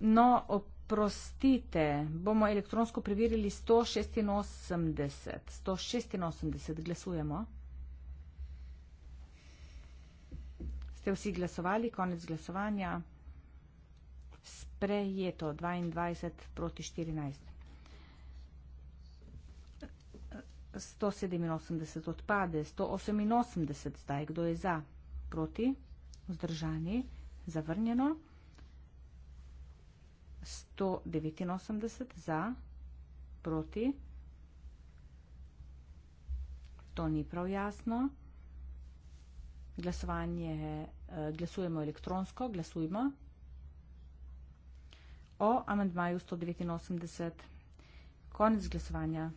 No, oprostite, bomo elektronsko preverili 186. 186, glasujemo. Ste vsi glasovali, konec glasovanja. Sprejeto 22 proti 14. 187 odpade, 188 zdaj, kdo je za, proti, vzdržani, zavrnjeno, 189 za, proti, to ni prav jasno, glasovanje, eh, glasujemo elektronsko, glasujmo, o amendmaju 189, konec glasovanja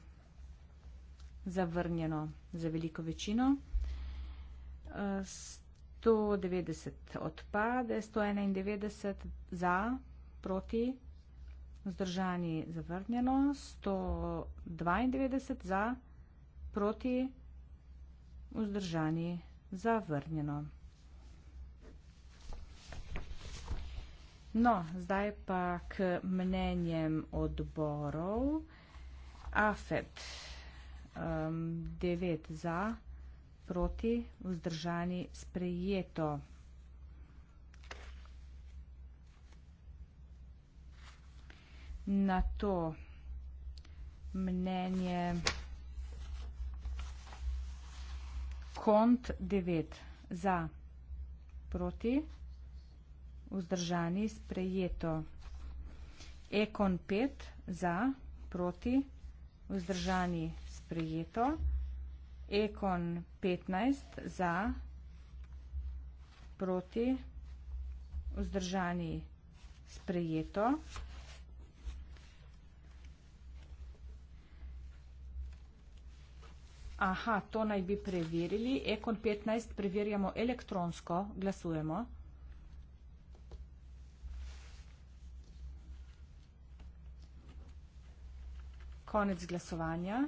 zavrnjeno za veliko večino. 190 e, odpade, 191 za, proti, vzdržani zavrnjeno, 192 za, proti, vzdržani zavrnjeno. No, zdaj pa k mnenjem odborov. AFED um, 9 za, proti, vzdržani, sprejeto. Na to mnenje kont 9 za, proti, vzdržani, sprejeto. Ekon 5 za, proti, vzdržani, sprejeto sprejeto. Ekon 15 za, proti, vzdržani sprejeto. Aha, to naj bi preverili. Ekon 15 preverjamo elektronsko, glasujemo. Konec glasovanja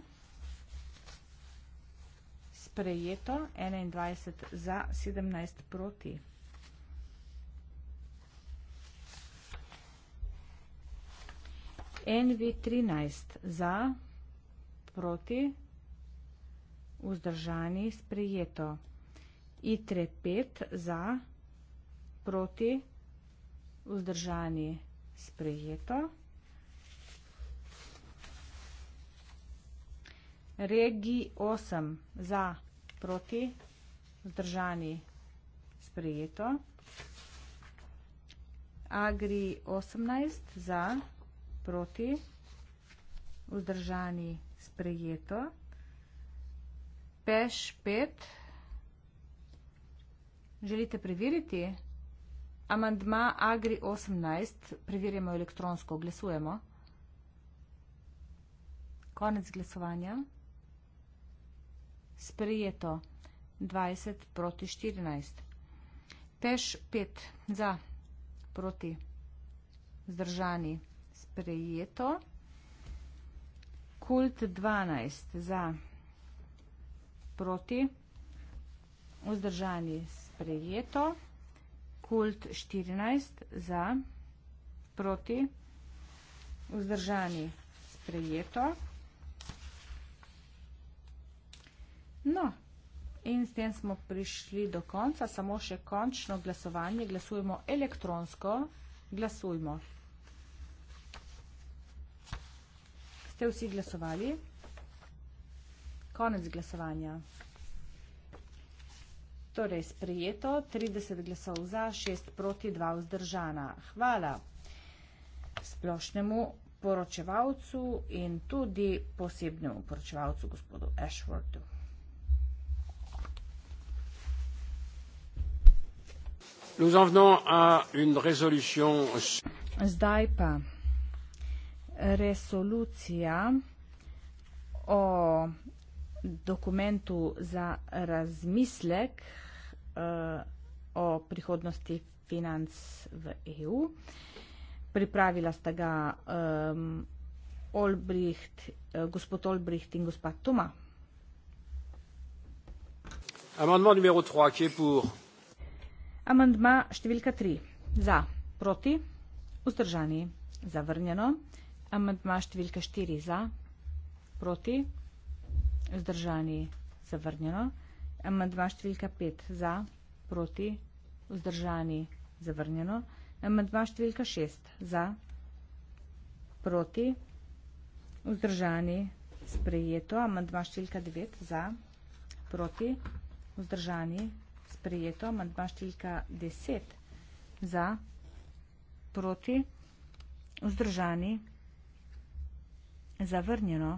sprejeto, 21 za, 17 proti. NV 13 za, proti, vzdržani, sprejeto. ITRE 5 za, proti, vzdržani, sprejeto. Sprejeto. regi 8 za proti zdržani sprejeto, agri 18 za proti vzdržani sprejeto, peš 5, želite preveriti? Amandma agri 18, preverjamo elektronsko, glasujemo. Konec glasovanja sprejeto 20 proti 14. Peš 5 za proti zdržani sprejeto. Kult 12 za proti vzdržani sprejeto. Kult 14 za proti vzdržani sprejeto. Sprejeto. No, in s tem smo prišli do konca, samo še končno glasovanje. Glasujemo elektronsko. Glasujmo. Ste vsi glasovali? Konec glasovanja. Torej, sprejeto, 30 glasov za, 6 proti, 2 vzdržana. Hvala splošnemu poročevalcu in tudi posebnemu poročevalcu gospodu Ashwardu. Zdaj pa resolucija o dokumentu za razmislek eh, o prihodnosti financ v EU. Pripravila sta ga um, Olbricht, eh, gospod Olbricht in gospod Toma. Amendment numero 3, ki je pour. Amandma številka 3. Za, proti, vzdržani, zavrnjeno. Amandma številka 4. Za, proti, vzdržani, zavrnjeno. Amandma številka 5. Za, proti, vzdržani, zavrnjeno. Amandma številka 6. Za, proti, vzdržani, sprejeto. Amandma številka 9. Za, proti, vzdržani, zavrnjeno sprejeto. Amandma številka 10 za, proti, vzdržani, zavrnjeno.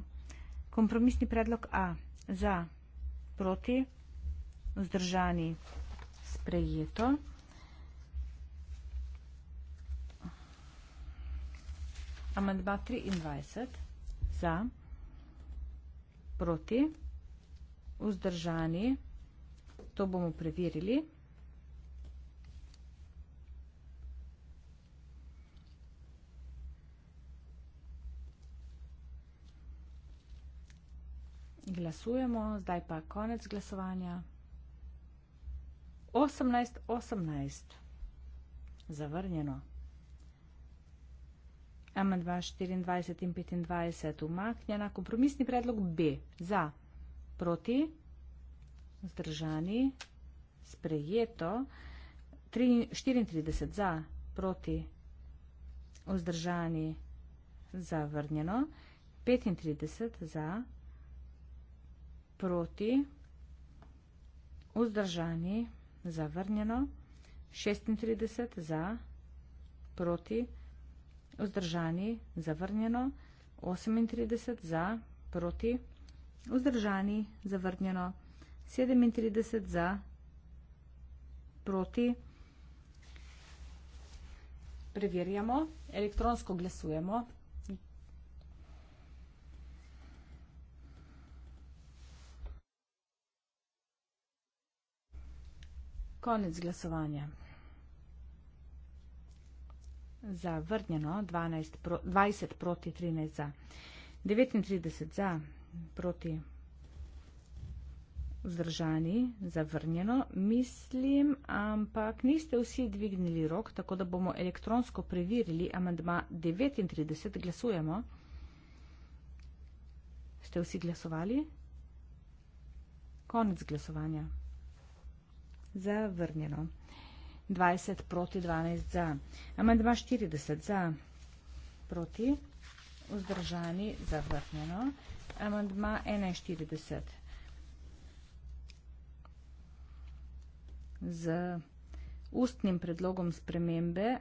Kompromisni predlog A za, proti, vzdržani, sprejeto. Amandma 23 za, proti, vzdržani, sprejeto. To bomo preverili. Glasujemo, zdaj pa konec glasovanja. 18, 18. Zavrnjeno. Amendva 24 in 25 umaknjena. Kompromisni predlog B. Za. Proti zdržani, sprejeto, 3, 34 za, proti, vzdržani, zavrnjeno, 35 za, proti, vzdržani, zavrnjeno, 36 za, proti, vzdržani, zavrnjeno, 38 za, proti, vzdržani, zavrnjeno, 36 za, proti, 37 za, proti. Preverjamo, elektronsko glasujemo. Konec glasovanja. Zavrnjeno, 12, 20 proti 13 za, 39 za, proti 13 vzdržani, zavrnjeno, mislim, ampak niste vsi dvignili rok, tako da bomo elektronsko preverili amandma 39, glasujemo. Ste vsi glasovali? Konec glasovanja. Zavrnjeno. 20 proti 12 za. Amandma 40 za. Proti. Vzdržani. Zavrnjeno. Amandma 41. z ustnim predlogom spremembe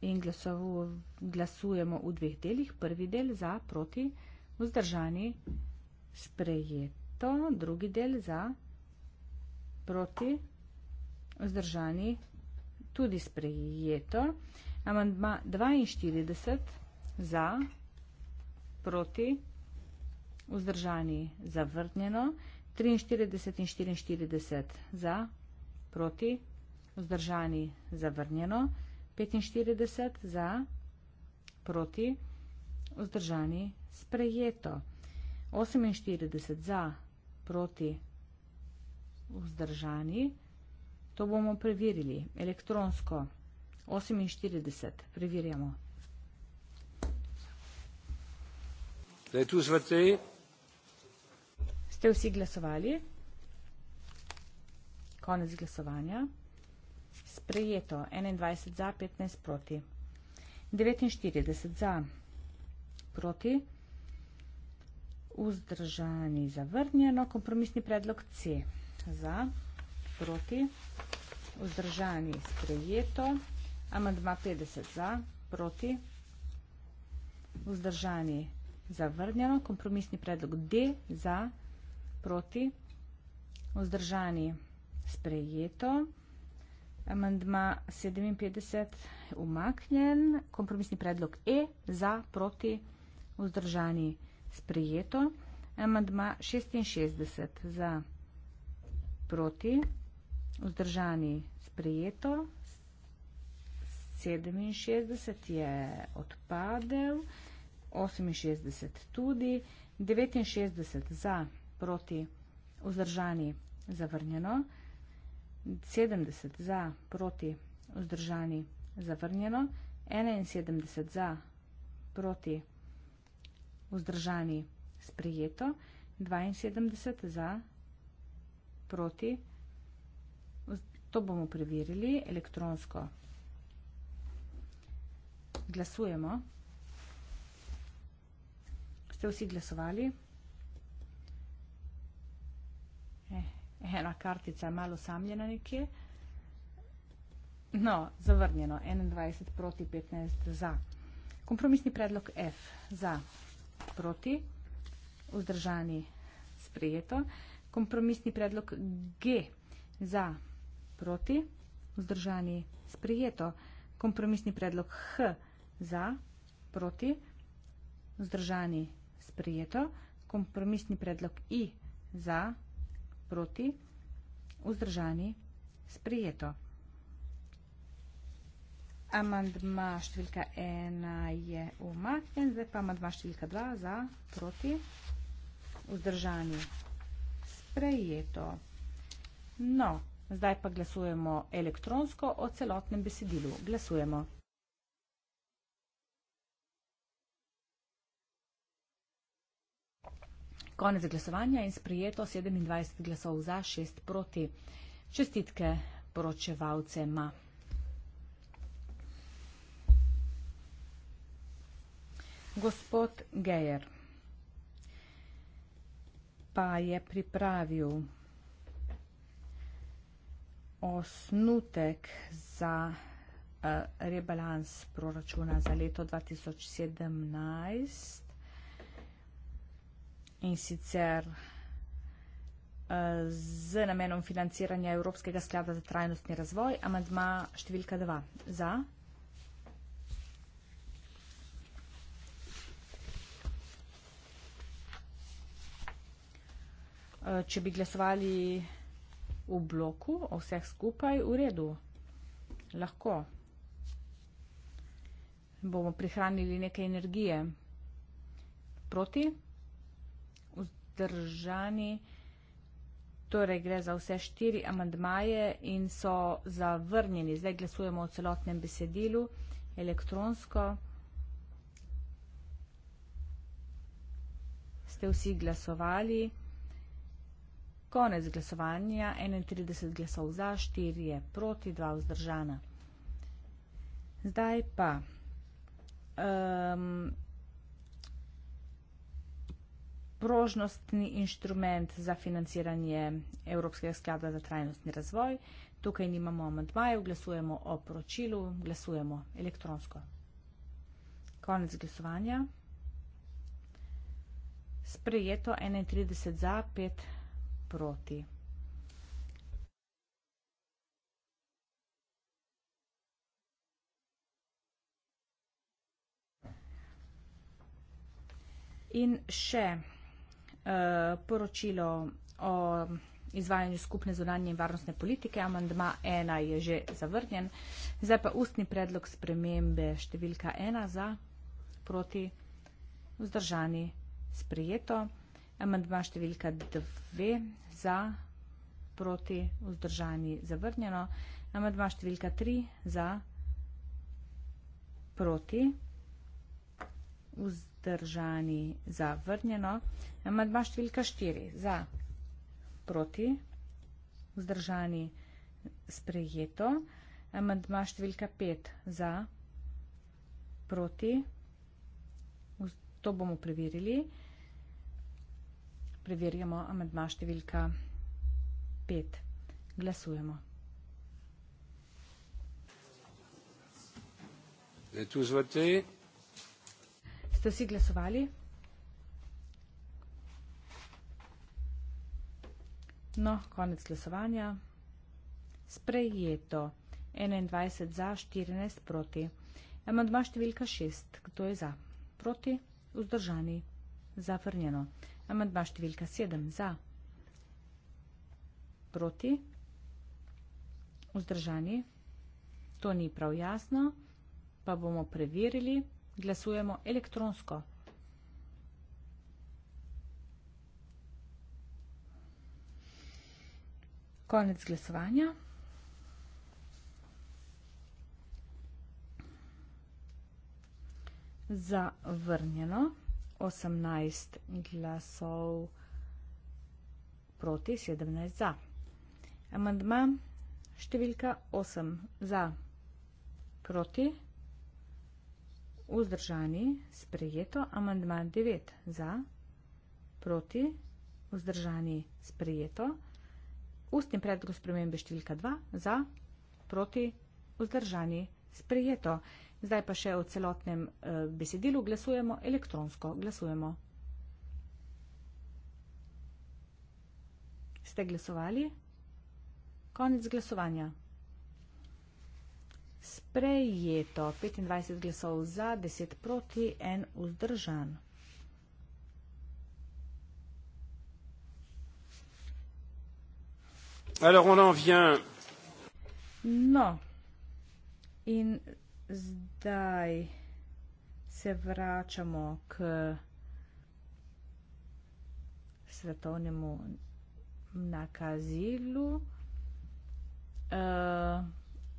in glasovu, glasujemo v dveh delih. Prvi del za, proti, vzdržani, sprejeto. Drugi del za, proti, vzdržani, tudi sprejeto. Amandma 42 za, proti, vzdržani, zavrnjeno. 43 in 44 za, proti, vzdržani zavrnjeno, 45 za, proti, vzdržani sprejeto, 48 za, proti, vzdržani, to bomo preverili elektronsko, 48, preverjamo. Zdaj tu zvrte. Ste vsi glasovali? Zdaj tu zvrte. Konec glasovanja. Sprejeto. 21 za, 15 proti. 49 za, proti. Vzdržani zavrnjeno. Kompromisni predlog C. Za, proti. Vzdržani sprejeto. Amandma 50 za, proti. Vzdržani zavrnjeno. Kompromisni predlog D. Za, proti. Vzdržani zavrnjeno sprejeto. Amandma 57 umaknjen, kompromisni predlog E za proti vzdržani sprejeto. Amandma 66 za proti vzdržani sprejeto. 67 je odpadel, 68 tudi, 69 za proti vzdržani zavrnjeno. 70 za, proti, vzdržani, zavrnjeno, 71 za, proti, vzdržani, sprejeto, 72 za, proti, to bomo preverili elektronsko. Glasujemo. Ste vsi glasovali? Eh, ena kartica je malo samljena nekje. No, zavrnjeno. 21 proti 15 za. Kompromisni predlog F za proti, vzdržani sprejeto. Kompromisni predlog G za proti, vzdržani sprejeto. Kompromisni predlog H za proti, vzdržani sprejeto. Kompromisni predlog I za proti proti, vzdržani, sprijeto. Amandma številka ena je umaknjen, zdaj pa amandma številka dva za, proti, vzdržani, sprijeto. No, zdaj pa glasujemo elektronsko o celotnem besedilu. Glasujemo. Konec glasovanja in sprejeto 27 glasov za, 6 proti. Čestitke poročevalcema. Gospod Gejer pa je pripravil osnutek za uh, rebalans proračuna za leto 2017 in sicer eh, z namenom financiranja Evropskega sklada za trajnostni razvoj, amadma številka 2. Za. Eh, če bi glasovali v bloku, o vseh skupaj, v redu, lahko. Bomo prihranili nekaj energije. Proti? Proti? vzdržani. Torej gre za vse štiri amandmaje in so zavrnjeni. Zdaj glasujemo o celotnem besedilu elektronsko. Ste vsi glasovali? Konec glasovanja. 31 glasov za, 4 je proti, 2 vzdržana. Zdaj pa. Um, prožnostni inštrument za financiranje Evropskega sklada za trajnostni razvoj. Tukaj nimamo amantvajev, glasujemo o poročilu, glasujemo elektronsko. Konec glasovanja. Sprejeto 31 za, 5 proti. In še Eh, poročilo o izvajanju skupne zunanje in varnostne politike. Amandma 1 je že zavrnjen. Zdaj pa ustni predlog spremembe številka 1 za proti vzdržani sprejeto. Amandma številka 2 za proti vzdržani zavrnjeno. Amandma številka 3 za proti vzdržani vzdržani za vrnjeno. Amadba številka 4 za proti vzdržani sprejeto. Amadba številka 5 za proti. To bomo preverili. Preverjamo amadba številka 5. Glasujemo. Tous votés Ste vsi glasovali? No, konec glasovanja. Sprejeto. 21 za, 14 proti. Amandma številka 6. Kdo je za? Proti. Vzdržani. Zavrnjeno. Amandma številka 7. Za. Proti. Vzdržani. To ni prav jasno. Pa bomo preverili glasujemo elektronsko. Konec glasovanja. Za vrnjeno 18 glasov proti 17 za. Amandma številka 8 za proti 17 vzdržani, sprejeto, amandma 9 za, proti, vzdržani, sprejeto, ustni predlog spremembe številka 2 za, proti, vzdržani, sprejeto. Zdaj pa še o celotnem eh, besedilu glasujemo elektronsko. Glasujemo. Ste glasovali? Konec glasovanja sprejeto. 25 glasov za, 10 proti, en vzdržan. Alors on en vient. No. In zdaj se vračamo k svetovnemu nakazilu. Uh,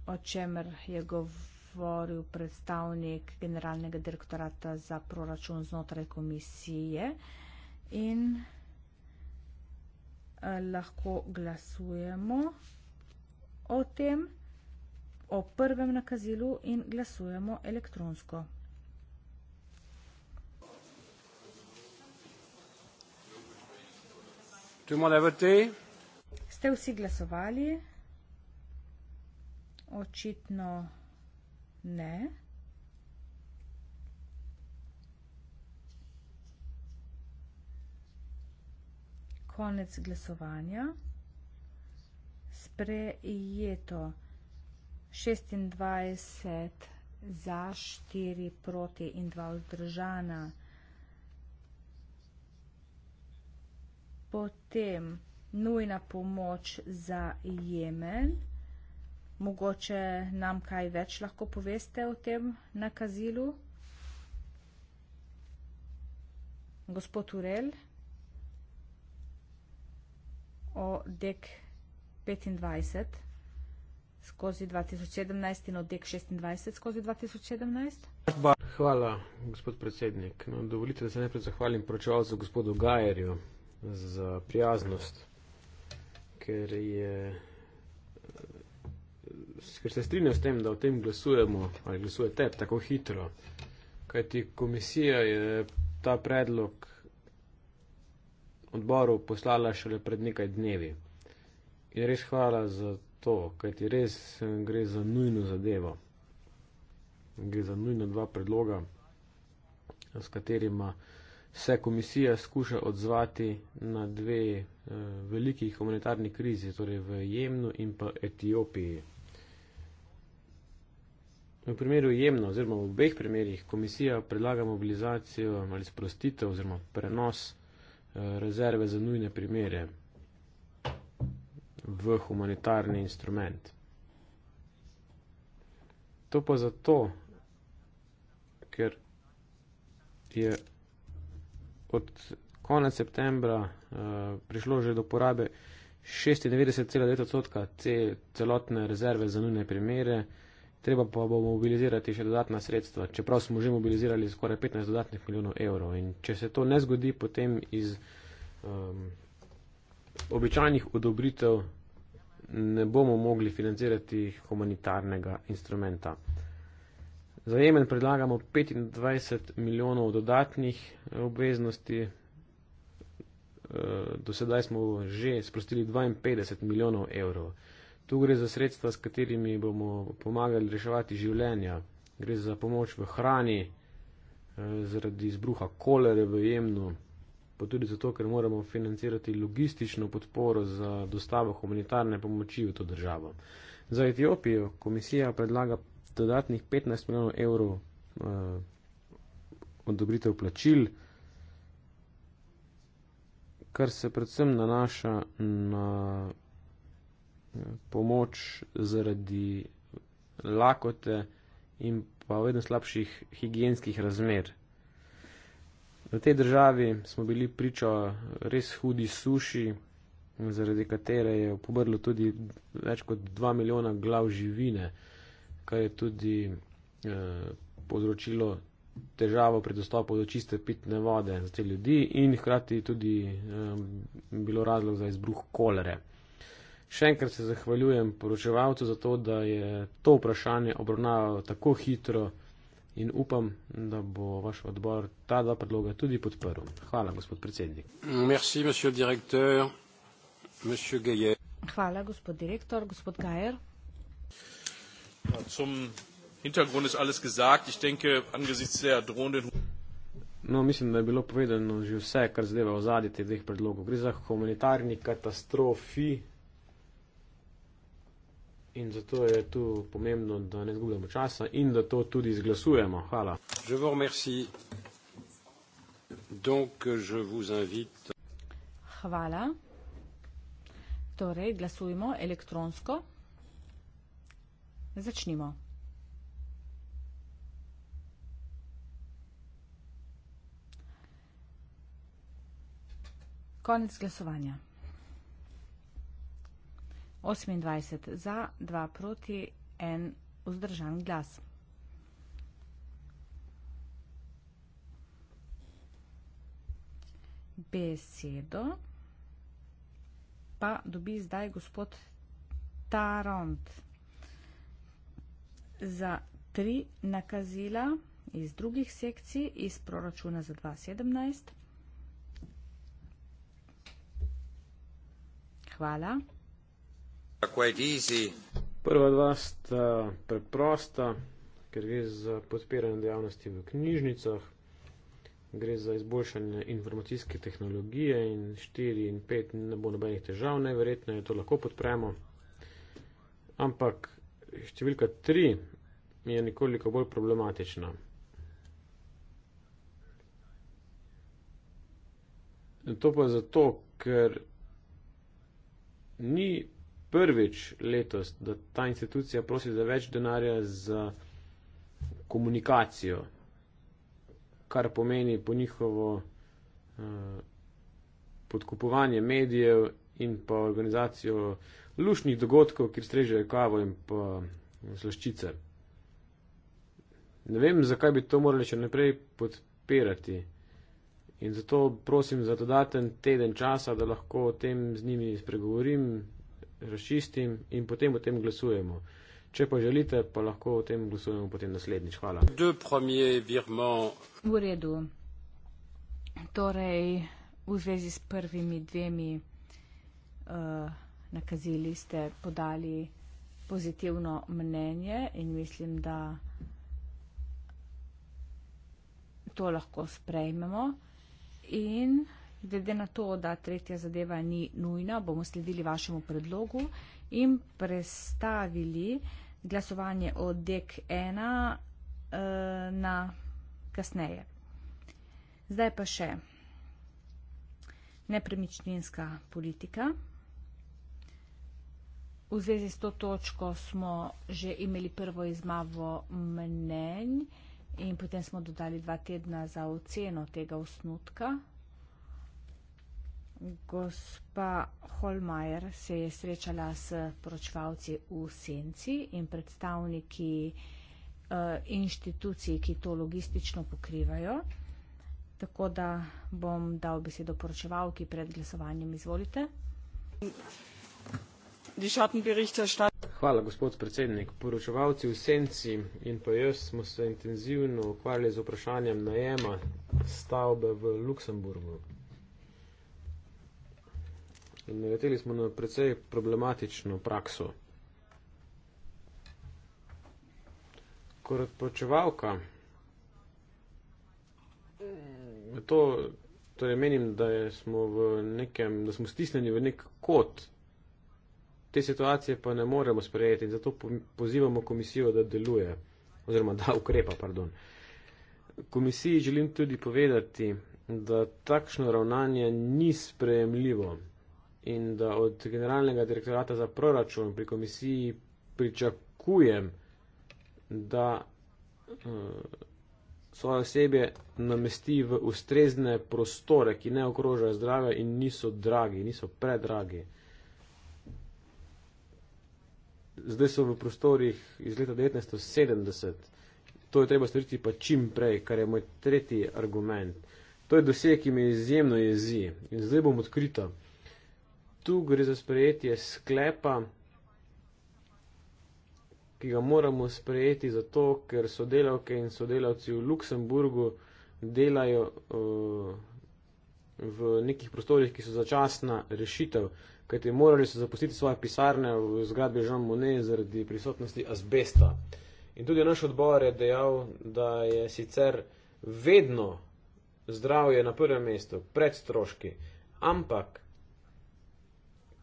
o čemer je govoril predstavnik generalnega direktorata za proračun znotraj komisije in eh, lahko glasujemo o tem, o prvem nakazilu in glasujemo elektronsko. Ste vsi glasovali? očitno ne. Konec glasovanja. Sprejeto 26 za 4 proti in 2 vzdržana. Potem nujna pomoč za Jemen mogoče nam kaj več lahko poveste o tem nakazilu. Gospod Urel, o DEK 25 skozi 2017 in o DEK 26 skozi 2017. Hvala, gospod predsednik. No, dovolite, da se najprej zahvalim poročevalcu gospodu Gajerju za prijaznost, ker je ker se strinjam s tem, da o tem glasujemo ali glasujete tako hitro, kajti komisija je ta predlog odboru poslala šele pred nekaj dnevi. In res hvala za to, kajti res gre za nujno zadevo. Gre za nujno dva predloga, s katerima se komisija skuša odzvati na dve eh, veliki humanitarni krizi, torej v Jemnu in pa Etiopiji. V primeru jemno, oziroma v obeh primerjih, komisija predlaga mobilizacijo ali sprostitev oziroma prenos eh, rezerve za nujne primere v humanitarni instrument. To pa zato, ker je od konec septembra eh, prišlo že do porabe 96,9 odstotka celotne rezerve za nujne primere treba pa bo mobilizirati še dodatna sredstva, čeprav smo že mobilizirali skoraj 15 dodatnih milijonov evrov. In če se to ne zgodi, potem iz um, običajnih odobritev ne bomo mogli financirati humanitarnega instrumenta. Za Jemen predlagamo 25 milijonov dodatnih eh, obveznosti. Eh, do sedaj smo že sprostili 52 milijonov evrov. Tu gre za sredstva, s katerimi bomo pomagali reševati življenja. Gre za pomoč v hrani, eh, zaradi izbruha kolere v Jemnu, pa tudi zato, ker moramo financirati logistično podporo za dostavo humanitarne pomoči v to državo. Za Etiopijo komisija predlaga dodatnih 15 milijonov evrov eh, odobritev plačil, kar se predvsem nanaša na pomoč zaradi lakote in pa vedno slabših higijenskih razmer. V tej državi smo bili pričo res hudi suši, zaradi katere je pobrlo tudi več kot 2 milijona glav živine, kar je tudi eh, povzročilo težavo pri dostopu do čiste pitne vode za te ljudi in hkrati tudi eh, bilo razlog za izbruh kolere. Še enkrat se zahvaljujem poročevalcu za to, da je to vprašanje obravnaval tako hitro in upam, da bo vaš odbor ta dva predloga tudi podprl. Hvala, gospod predsednik. Merci, monsieur direktor, monsieur Gayer. Hvala, gospod direktor, gospod Gajer. Ja, zum Hintergrund ist alles gesagt. Ich denke, angesichts der drohenden. No, mislim, da je bilo povedano že vse, kar zadeva ozadje teh predlogov. Gre za humanitarni katastrofi, in zato je tu pomembno, da ne zgubljamo časa in da to tudi izglasujemo. Hvala. Donc, invite... Hvala. Torej, glasujmo elektronsko. Začnimo. Konec glasovanja. 28 za, 2 proti, 1 vzdržan glas. Besedo pa dobi zdaj gospod Tarant za tri nakazila iz drugih sekcij iz proračuna za 2017. Hvala. Prva dva sta preprosta, ker gre za podpiranje dejavnosti v knjižnicah, gre za izboljšanje informacijske tehnologije in 4 in 5 ne bo nobenih težav, najverjetno je to lahko podpremo. Ampak številka 3 je nekoliko bolj problematična. In to pa je zato, ker ni prvič letos, da ta institucija prosi za več denarja za komunikacijo, kar pomeni po njihovo uh, podkupovanje medijev in pa organizacijo lušnih dogodkov, kjer strežejo kavo in pa eh, slaščice. Ne vem, zakaj bi to morali še naprej podpirati. In zato prosim za dodaten teden časa, da lahko o tem z njimi spregovorim, razčistim in potem o tem glasujemo. Če pa želite, pa lahko o tem glasujemo potem naslednjič. Hvala. V redu. Torej, v zvezi s prvimi dvemi uh, nakazili ste podali pozitivno mnenje in mislim, da to lahko sprejmemo. In glede na to, da tretja zadeva ni nujna, bomo sledili vašemu predlogu in prestavili glasovanje o DEK 1 eh, na kasneje. Zdaj pa še nepremičninska politika. V zvezi s to točko smo že imeli prvo izmavo mnenj in potem smo dodali dva tedna za oceno tega osnutka. Gospa Holmajer se je srečala s poročevalci v Senci in predstavniki uh, inštitucij, ki to logistično pokrivajo. Tako da bom dal besedo poročevalki pred glasovanjem. Izvolite. Hvala, gospod predsednik. Poročevalci v Senci in pa jaz smo se intenzivno ukvarjali z vprašanjem najema stavbe v Luksemburgu. In naleteli smo na precej problematično prakso. Kot odpočevalka, to, to torej je menim, da, je smo v nekem, da smo stisneni v nek kot, te situacije pa ne moremo sprejeti in zato pozivamo komisijo, da deluje, oziroma da ukrepa. Pardon. Komisiji želim tudi povedati, da takšno ravnanje ni sprejemljivo in da od generalnega direktorata za proračun pri komisiji pričakujem, da uh, svoje osebje namesti v ustrezne prostore, ki ne okrožajo zdrave in niso dragi, niso predragi. Zdaj so v prostorih iz leta 1970. To je treba storiti pa čim prej, kar je moj tretji argument. To je doseg, ki me izjemno jezi. In zdaj bom odkrita tu gre za sprejetje sklepa, ki ga moramo sprejeti zato, ker sodelavke in sodelavci v Luksemburgu delajo uh, v nekih prostorih, ki so začasna rešitev, kajti morali so zapustiti svoje pisarne v zgradbi Jean Monnet zaradi prisotnosti azbesta. In tudi naš odbor je dejal, da je sicer vedno zdravje na prvem mestu, pred stroški, ampak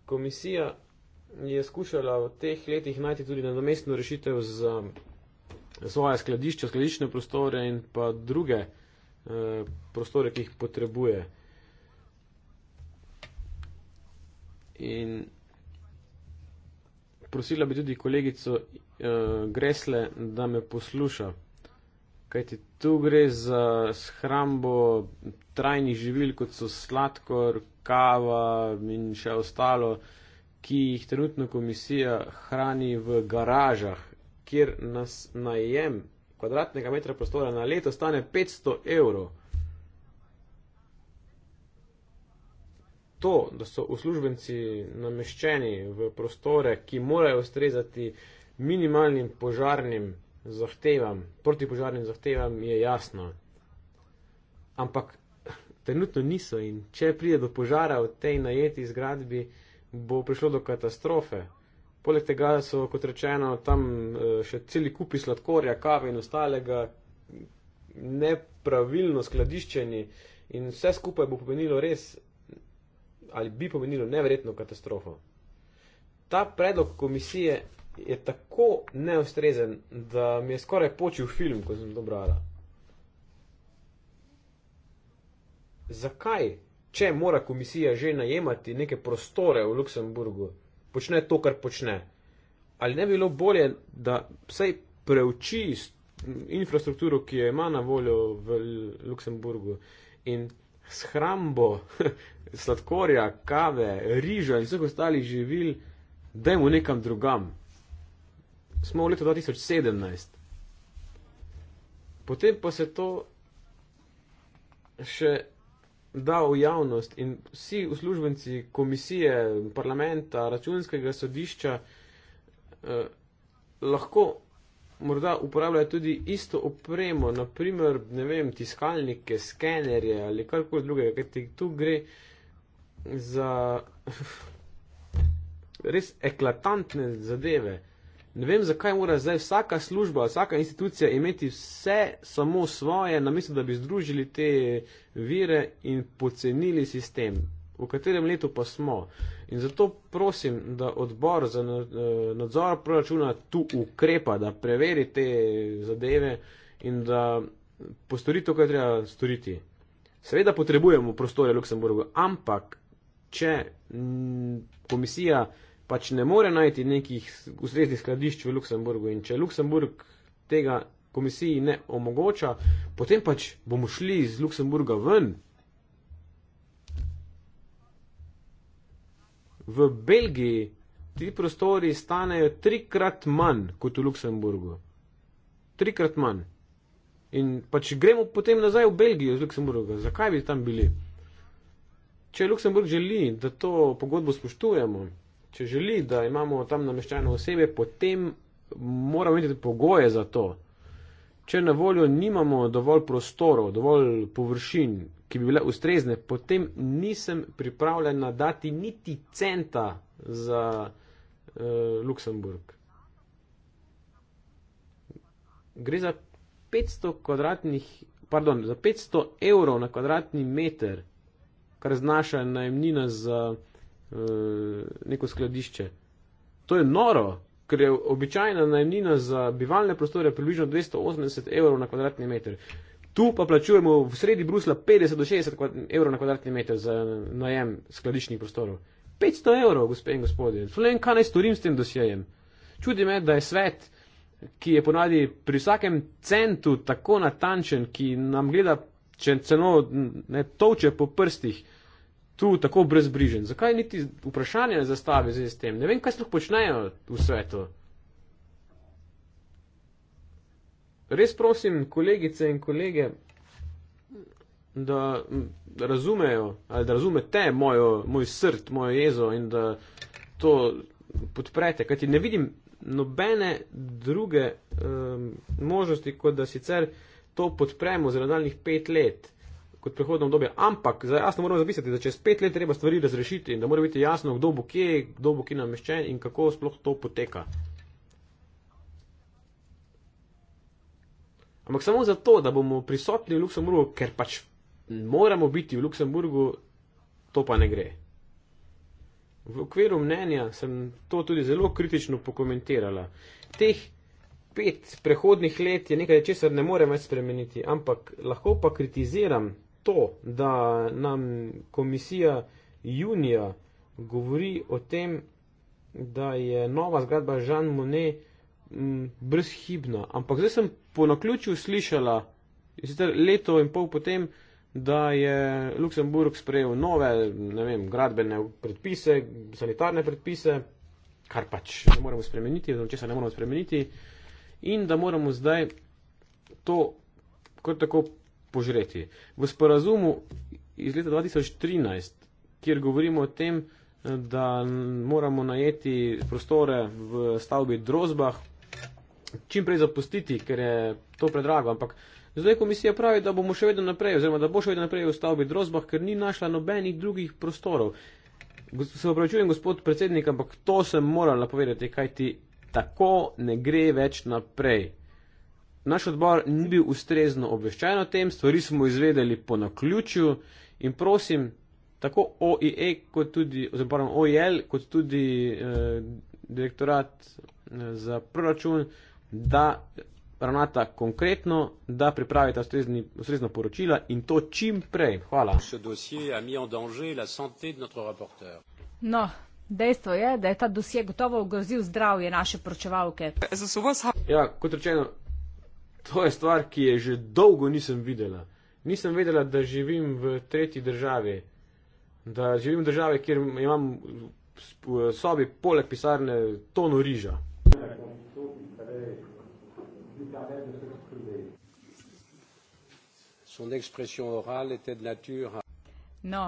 komisija je skušala v teh letih najti tudi nadomestno rešitev za svoje skladišče, skladiščne prostore in pa druge eh, prostore, ki jih potrebuje. In prosila bi tudi kolegico eh, Gresle, da me posluša. Kajti tu gre za shrambo trajnih živil, kot so sladkor, kava in še ostalo, ki jih trenutno komisija hrani v garažah, kjer nas najem kvadratnega metra prostora na leto stane 500 evrov. To, da so uslužbenci nameščeni v prostore, ki morajo ustrezati minimalnim požarnim zahtevam, protipožarnim zahtevam je jasno. Ampak trenutno niso in če pride do požara v tej najeti zgradbi, bo prišlo do katastrofe. Poleg tega so, kot rečeno, tam e, še celi kupi sladkorja, kave in ostalega nepravilno skladiščeni in vse skupaj bo pomenilo res ali bi pomenilo neverjetno katastrofo. Ta predlog komisije je tako neustrezen, da mi je skoraj počil film, ko sem to brala. Zakaj, če mora komisija že najemati neke prostore v Luksemburgu, počne to, kar počne? Ali ne bi bilo bolje, da vsaj preuči infrastrukturo, ki jo ima na voljo v Luksemburgu in shrambo sladkorja, kave, riža in vseh ostalih živil, dajmo nekam drugam? smo v letu 2017. Potem pa se to še da v javnost in vsi uslužbenci komisije, parlamenta, računskega sodišča eh, lahko morda uporabljajo tudi isto opremo, naprimer, ne vem, tiskalnike, skenerje ali karkoli drugega, ker ti tu gre za res eklatantne zadeve. Ne vem, zakaj mora zdaj vsaka služba, vsaka institucija imeti vse samo svoje, namesto da bi združili te vire in pocenili sistem, v katerem letu pa smo. In zato prosim, da odbor za eh, nadzor proračuna tu ukrepa, da preveri te zadeve in da postori to, kar treba storiti. Seveda potrebujemo prostore Luksemburgu, ampak če mm, komisija pač ne more najti nekih ustreznih skladišč v Luksemburgu in če Luksemburg tega komisiji ne omogoča, potem pač bomo šli iz Luksemburga ven v Belgiji. Ti prostori stanejo trikrat manj kot v Luksemburgu. Trikrat manj. In pač gremo potem nazaj v Belgijo iz Luksemburga. Zakaj bi tam bili? Če Luksemburg želi, da to pogodbo spoštujemo če želi, da imamo tam nameščeno osebe, potem moramo imeti pogoje za to. Če na voljo nimamo dovolj prostorov, dovolj površin, ki bi bile ustrezne, potem nisem pripravljen dati niti centa za eh, Luksemburg. Gre za 500, pardon, za 500 evrov na kvadratni meter, kar znaša najemnina za. Eh, neko skladišče. To je noro, ker je običajna najemnina za bivalne prostore približno 280 evrov na kvadratni meter. Tu pa plačujemo v sredi Brusla 50 do 60 evrov na kvadratni meter za najem skladiščnih prostorov. 500 evrov, gospe in gospodje. Slovenka, kaj naj storim s tem dosjejem? Čudi me, da je svet, ki je ponadi pri vsakem centu tako natančen, ki nam gleda, če ceno ne toče po prstih, tu tako brezbrižen? Zakaj niti vprašanje ne zastavi z tem? Ne vem, kaj sploh počnejo v svetu. Res prosim, kolegice in kolege, da razumejo, ali da razumete mojo, moj srd, mojo jezo in da to podprete, kajti ne vidim nobene druge um, možnosti, kot da sicer to podpremo za nadaljnih pet let kot prihodno obdobje. Ampak zdaj jasno moramo zapisati, da čez pet let treba stvari razrešiti in da mora biti jasno, kdo bo kje, kdo bo kje nameščen in kako sploh to poteka. Ampak samo zato, da bomo prisotni v Luksemburgu, ker pač moramo biti v Luksemburgu, to pa ne gre. V okviru mnenja sem to tudi zelo kritično pokomentirala. Teh pet prehodnih let je nekaj, česar ne morem več spremeniti, ampak lahko pa kritiziram to, da nam komisija junija govori o tem, da je nova zgradba Žan Mone mm, brezhibna. Ampak zdaj sem po naključju slišala, sicer leto in pol potem, da je Luksemburg sprejel nove, ne vem, gradbene predpise, sanitarne predpise, kar pač ne moremo spremeniti, oziroma česa ne moremo spremeniti, in da moramo zdaj to kot tako požreti. V sporazumu iz leta 2013, kjer govorimo o tem, da moramo najeti prostore v stavbi Drozbah, čim prej zapustiti, ker je to predrago, ampak zdaj komisija pravi, da bomo še vedno naprej, oziroma da bo še vedno naprej v stavbi Drozbah, ker ni našla nobenih drugih prostorov. Se opravičujem, gospod predsednik, ampak to sem morala povedati, kajti tako ne gre več naprej. Naš odbor ni bil ustrezno obveščen o tem, stvari smo izvedeli po naključju in prosim, tako OIE kot tudi, oziroma OIL kot tudi eh, direktorat eh, za proračun, da ravnata konkretno, da pripravita ustrezni, ustrezno poročila in to čim prej. Hvala. No. Dejstvo je, da je ta dosje gotovo ogrozil zdravje naše poročevalke. Ja, kot rečeno, To je stvar, ki je že dolgo nisem videla. Nisem vedela, da živim v tretji državi, da živim v državi, kjer imam v sobi poleg pisarne tono riža. No.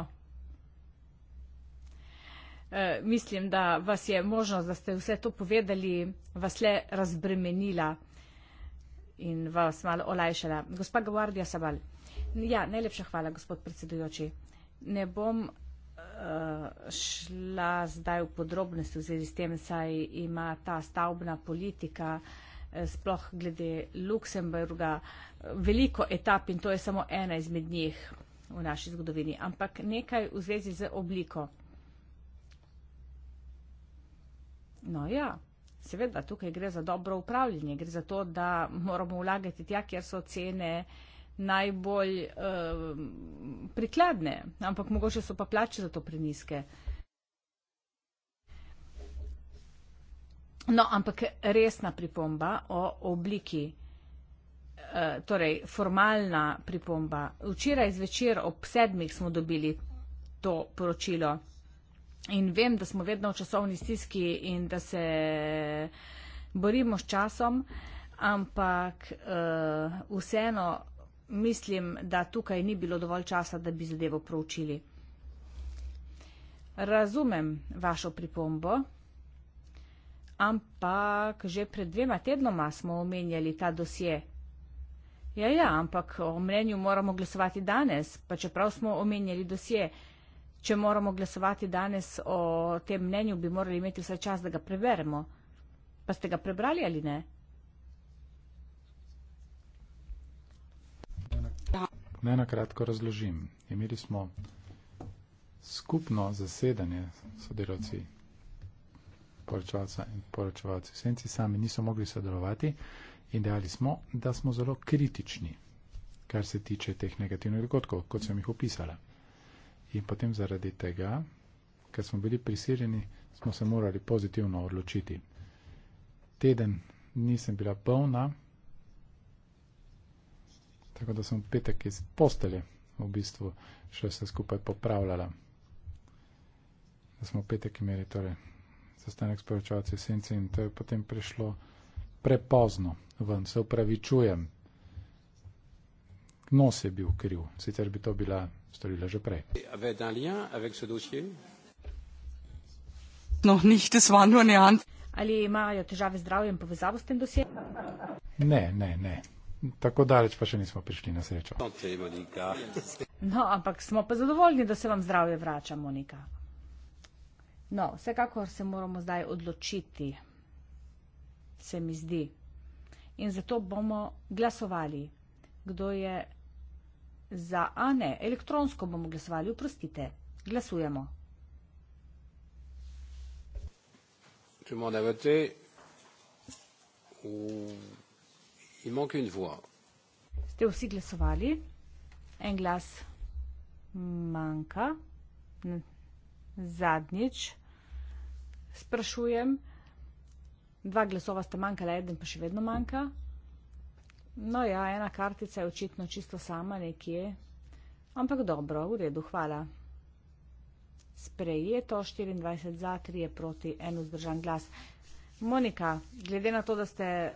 E, mislim, da vas je možnost, da ste vse to povedali, vas le razbremenila in vas malo olajšala. Gospa Gavardija Sabal. Ja, najlepša hvala, gospod predsedujoči. Ne bom uh, šla zdaj v podrobnosti v zvezi s tem, saj ima ta stavbna politika eh, sploh glede Luksemburga eh, veliko etap in to je samo ena izmed njih v naši zgodovini. Ampak nekaj v zvezi z obliko. No ja. Seveda, tukaj gre za dobro upravljanje, gre za to, da moramo vlagati tja, kjer so cene najbolj uh, prikladne, ampak mogoče so pa plače za to preniske. No, ampak resna pripomba o obliki, uh, torej formalna pripomba. Včeraj zvečer ob sedmih smo dobili to poročilo in vem, da smo vedno v časovni stiski in da se borimo s časom, ampak uh, vseeno mislim, da tukaj ni bilo dovolj časa, da bi zadevo proučili. Razumem vašo pripombo, ampak že pred dvema tednoma smo omenjali ta dosje. Ja, ja, ampak o mnenju moramo glasovati danes, pa čeprav smo omenjali dosje če moramo glasovati danes o tem mnenju, bi morali imeti vsaj čas, da ga preberemo. Pa ste ga prebrali ali ne? Naj na kratko razložim. Imeli smo skupno zasedanje sodelavci poročevalca in poročevalci v senci, sami niso mogli sodelovati in dejali smo, da smo zelo kritični, kar se tiče teh negativnih dogodkov, kot sem jih opisala. In potem zaradi tega, ker smo bili prisiljeni, smo se morali pozitivno odločiti. Teden nisem bila polna, tako da sem petek iz postelje v bistvu še se skupaj popravljala. Da smo petek imeli torej sestanek s poročevalci sence in to je potem prišlo prepozno ven, se upravičujem. Nos je bil kriv, sicer bi to bila storila že prej. No, Ali imajo težave z zdravjem povezavo s tem dosjem? Ne, ne, ne. Tako daleč pa še nismo prišli na srečo. No, ampak smo pa zadovoljni, da se vam zdravje vrača, Monika. No, vsekakor se moramo zdaj odločiti, se mi zdi. In zato bomo glasovali, kdo je Za a ne, elektronsko bomo glasovali, oprostite. Glasujemo. Je m'en ai voté ou il manque une voix. Ste aussi glasovali. En glas manka. Zadnjič sprašujem. Dva glasova sta manjkala, eden pa še vedno manjka. No ja, ena kartica je očitno čisto sama nekje. Ampak dobro, v redu, hvala. Sprejeto, 24 za, 3 je proti, en vzdržan glas. Monika, glede na to, da ste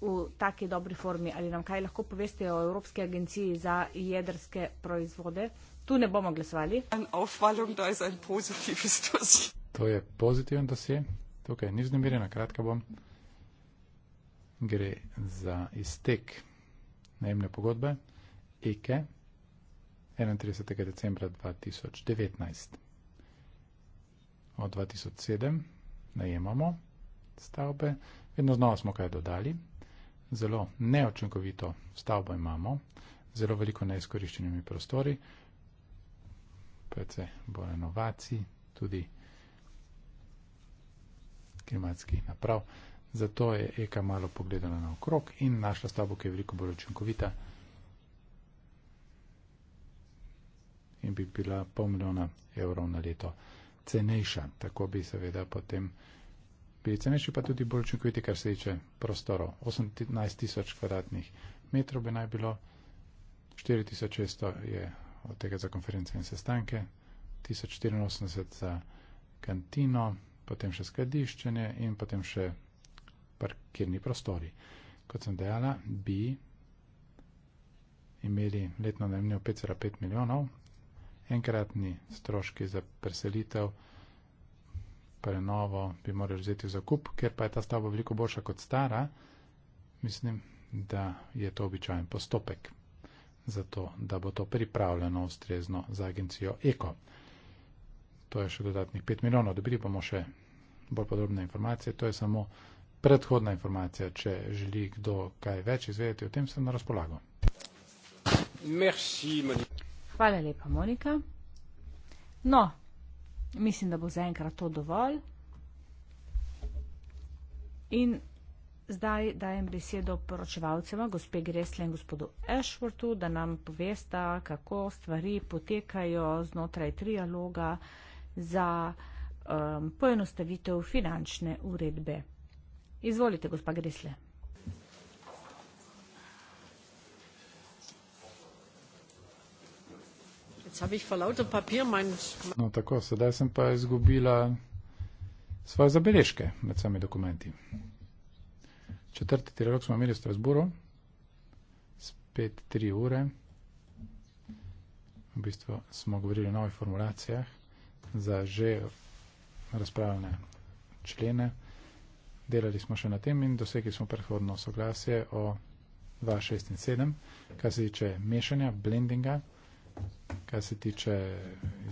v taki dobri formi, ali nam kaj lahko poveste o Evropske agenciji za jedrske proizvode? Tu ne bomo glasovali. To je pozitiven dosje. Tukaj ni znemirjena, kratka bom gre za iztek najemne pogodbe Eke 31. decembra 2019. Od 2007 najemamo stavbe, vedno znova smo kaj dodali, zelo neočinkovito stavbo imamo, zelo veliko neizkoriščenimi prostori, predvsej bo renovacij, tudi klimatskih naprav. Zato je Eka malo pogledala na okrog in našla stavbo, ki je veliko bolj učinkovita in bi bila pol milijona evrov na leto cenejša. Tako bi seveda potem bili cenejši, pa tudi bolj učinkoviti, kar se tiče prostorov. 18 tisoč kvadratnih metrov bi naj bilo, 4600 je od tega za konference in sestanke, 1084 za kantino, potem še skladiščenje in potem še parkirni prostori. Kot sem dejala, bi imeli letno najemnino 5,5 milijonov, enkratni stroški za preselitev, prenovo bi morali vzeti v zakup, ker pa je ta stavba veliko boljša kot stara, mislim, da je to običajen postopek za to, da bo to pripravljeno ustrezno za agencijo Eko. To je še dodatnih 5 milijonov, dobili bomo še bolj podrobne informacije, to je samo predhodna informacija, če želi kdo kaj več izvedeti, o tem sem na razpolago. Merci, Hvala lepa, Monika. No, mislim, da bo zaenkrat to dovolj. In zdaj dajem besedo poročevalcema, gospe Gresle in gospodu Ashworthu, da nam povesta, kako stvari potekajo znotraj trialoga za um, poenostavitev finančne uredbe. Izvolite, gospa Gresle. No, tako, sedaj sem pa izgubila svoje zabeležke med sami dokumenti. Četrti trilog smo imeli v Strasburu, spet tri ure. V bistvu smo govorili o novih formulacijah za že razpravljene člene delali smo še na tem in dosegli smo prehodno soglasje o 2, 6 in 7, kar se tiče mešanja, blendinga, kar se tiče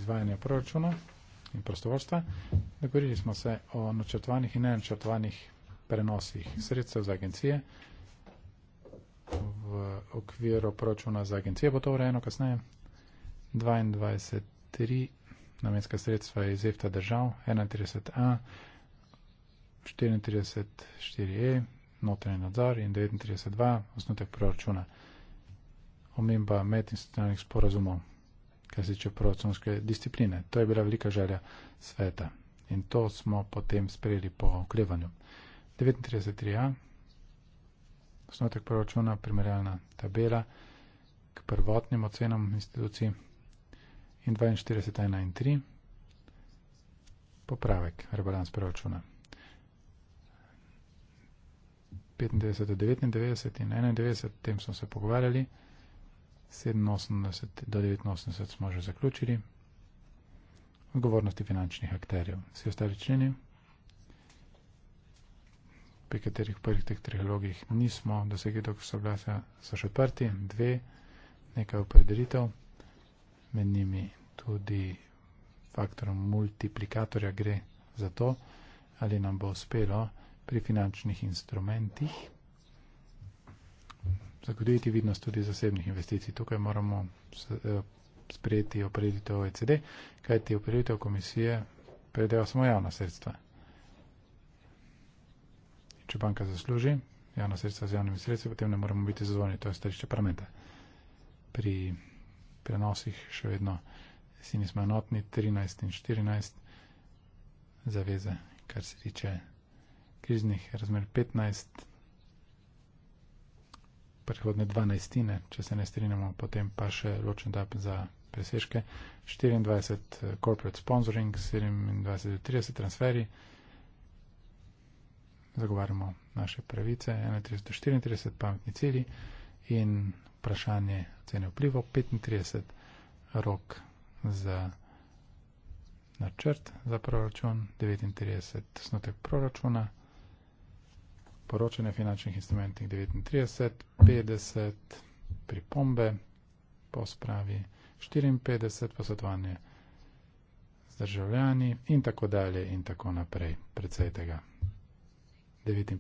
izvajanja proračuna in prostovoljstva. Dogovorili smo se o načrtovanih in nenačrtovanih prenosih sredstev za agencije. V okviru proračuna za agencije bo to urejeno kasneje. 22.3 namenska sredstva je iz EFTA držav, 31.a 34.4e, e, notranje nadzor in 39.2, osnutek proračuna. Omemba medinstitucionalnih sporazumov, kar se tiče proračunske discipline. To je bila velika želja sveta in to smo potem sprejeli po oklevanju. 39.3a, osnutek proračuna, primerjalna tabela k prvotnim ocenam instituciji in 42.1 in 3, popravek, rebalans proračuna. 95, 99 in 91, o tem smo se pogovarjali, 87 do 89 smo že zaključili, odgovornosti finančnih akterjev. Vsi ostali členi, pri katerih prvih teh trilogih nismo dosegli dok soglasja, so še odprti, dve, nekaj opredelitev, med njimi tudi faktor multiplikatorja gre za to, ali nam bo uspelo, pri finančnih instrumentih. Zagoditi vidnost tudi zasebnih investicij. Tukaj moramo eh, sprejeti opreditev OECD, kajti opreditev komisije predeva samo javna sredstva. Če banka zasluži javna sredstva z javnimi sredstvi, potem ne moramo biti zazvoljni. To je starišče parlamenta. Pri prenosih še vedno si nismo enotni. 13 in 14 zaveze, kar se tiče kriznih razmer 15, prihodne 12, če se ne strinjamo, potem pa še ločen dab za presežke, 24 eh, corporate sponsoring, 27 do 30 transferi, zagovarjamo naše pravice, 31 do 34 pametni cilji in vprašanje cene vplivo, 35 rok za načrt za proračun, 39 snotek proračuna poročanje finančnih instrumentih 39, 50 pripombe, po spravi 54 posvetovanje z državljani in tako dalje in tako naprej. Predvsej tega. 59,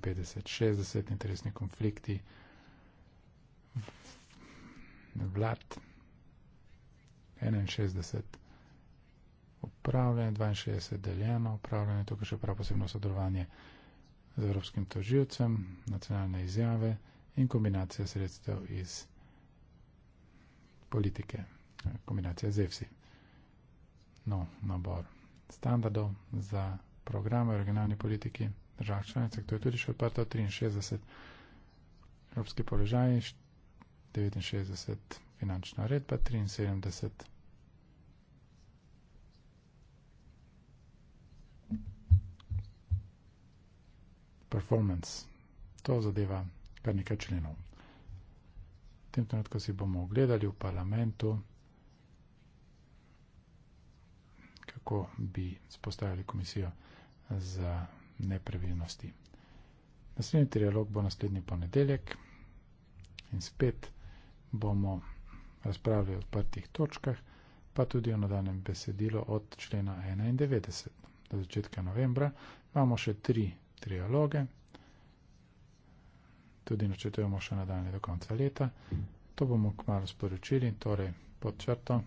60 interesni konflikti vlad, 61 upravljanje, 62 deljeno upravljanje, tukaj še prav posebno sodelovanje z evropskim toživcem, nacionalne izjave in kombinacija sredstev iz politike, kombinacija z EFSI. No, nabor standardov za programe v regionalni politiki držav članice, to je tudi še odprto 63 evropski položaj, 69 finančna redba, 73 evropski položaj, performance. To zadeva kar nekaj členov. V tem trenutku si bomo ogledali v parlamentu, kako bi spostavili komisijo za nepravilnosti. Naslednji trialog bo naslednji ponedeljek in spet bomo razpravljali o odprtih točkah, pa tudi o nadaljem besedilo od člena 91. Do začetka novembra imamo še tri trialoge. Tudi načrtujemo še nadaljne do konca leta. To bomo kmalo sporočili, torej pod črto.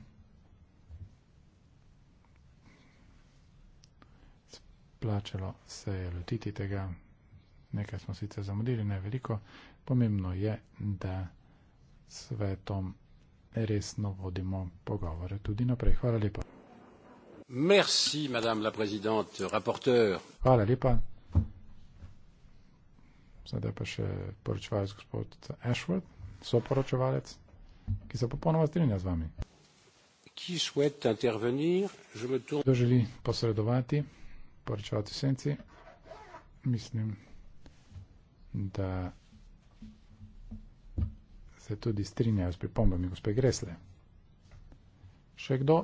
Plačalo se je lotiti tega, nekaj smo sicer zamudili, ne veliko. Pomembno je, da svetom resno vodimo pogovore tudi naprej. Hvala lepa. Merci, madame la présidente, rapporteur. Hvala lepa zdaj pa še poročevalec gospod Ashworth, soporočevalec, ki se popolnoma strinja z vami. Kdo želi posredovati, poročevati v senci? Mislim, da se tudi strinjajo s pripombami gospe Gresle. Še kdo?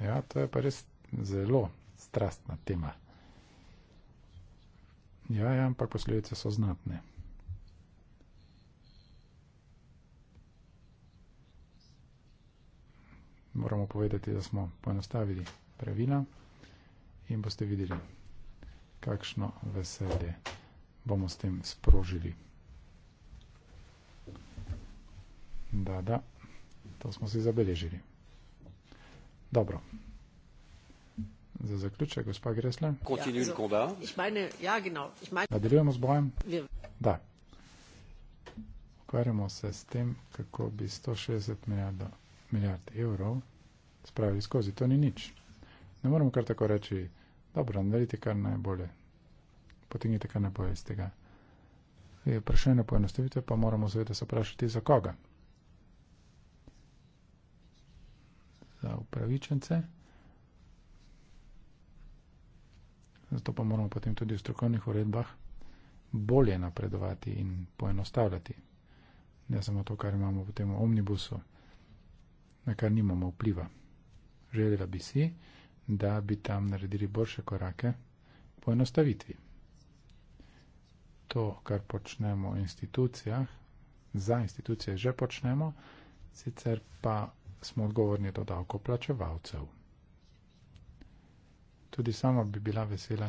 Ja, to je pa res zelo strastna tema. Ja, ja, ampak posledice so znatne. Moramo povedati, da smo poenostavili pravila in boste videli, kakšno veselje bomo s tem sprožili. Da, da, to smo si zabeležili. Dobro. Za zaključek, gospa Gresla. Ja, ja, Nadaljujemo z bojem? Da. Ukvarjamo se s tem, kako bi 160 milijard, milijard evrov spravili skozi. To ni nič. Ne moremo kar tako reči, dobro, naredite kar najbolje. Potegnite kar najbolje iz tega. Je vprašanje poenostavitve, pa moramo seveda se vprašati za koga. Za upravičence. zato pa moramo potem tudi v strokovnih uredbah bolje napredovati in poenostavljati. Ne samo to, kar imamo potem v omnibusu, na kar nimamo vpliva. Želela bi si, da bi tam naredili boljše korake poenostavitvi. To, kar počnemo v institucijah, za institucije že počnemo, sicer pa smo odgovorni do davkoplačevalcev. Tudi sama bi bila vesela,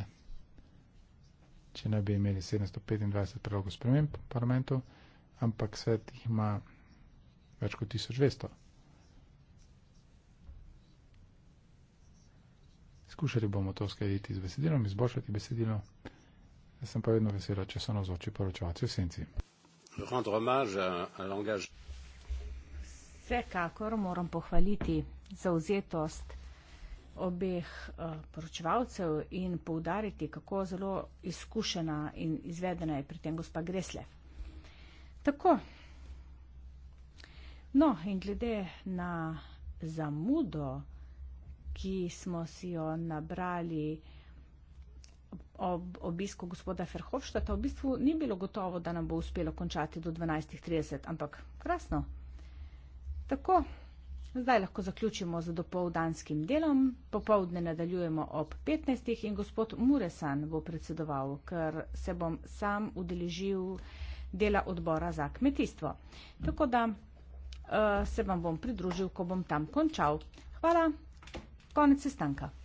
če ne bi imeli 725 predlogov sprememb v parlamentu, ampak svet jih ima več kot 1200. Skušali bomo to skladiti z besedilom, izboljšati besedilo. Jaz sem pa vedno vesela, če so navzoči poročevalci v senci. Vsekakor moram pohvaliti zauzetost obeh eh, poročevalcev in poudariti, kako zelo izkušena in izvedena je pri tem gospa Greslev. Tako. No, in glede na zamudo, ki smo si jo nabrali ob obisku gospoda Ferhofštata, v bistvu ni bilo gotovo, da nam bo uspelo končati do 12.30, ampak krasno. Tako. Zdaj lahko zaključimo z dopoldanskim delom. Popovdne nadaljujemo ob 15. in gospod Muresan bo predsedoval, ker se bom sam udeležil dela odbora za kmetijstvo. Tako da uh, se vam bom pridružil, ko bom tam končal. Hvala. Konec sestanka.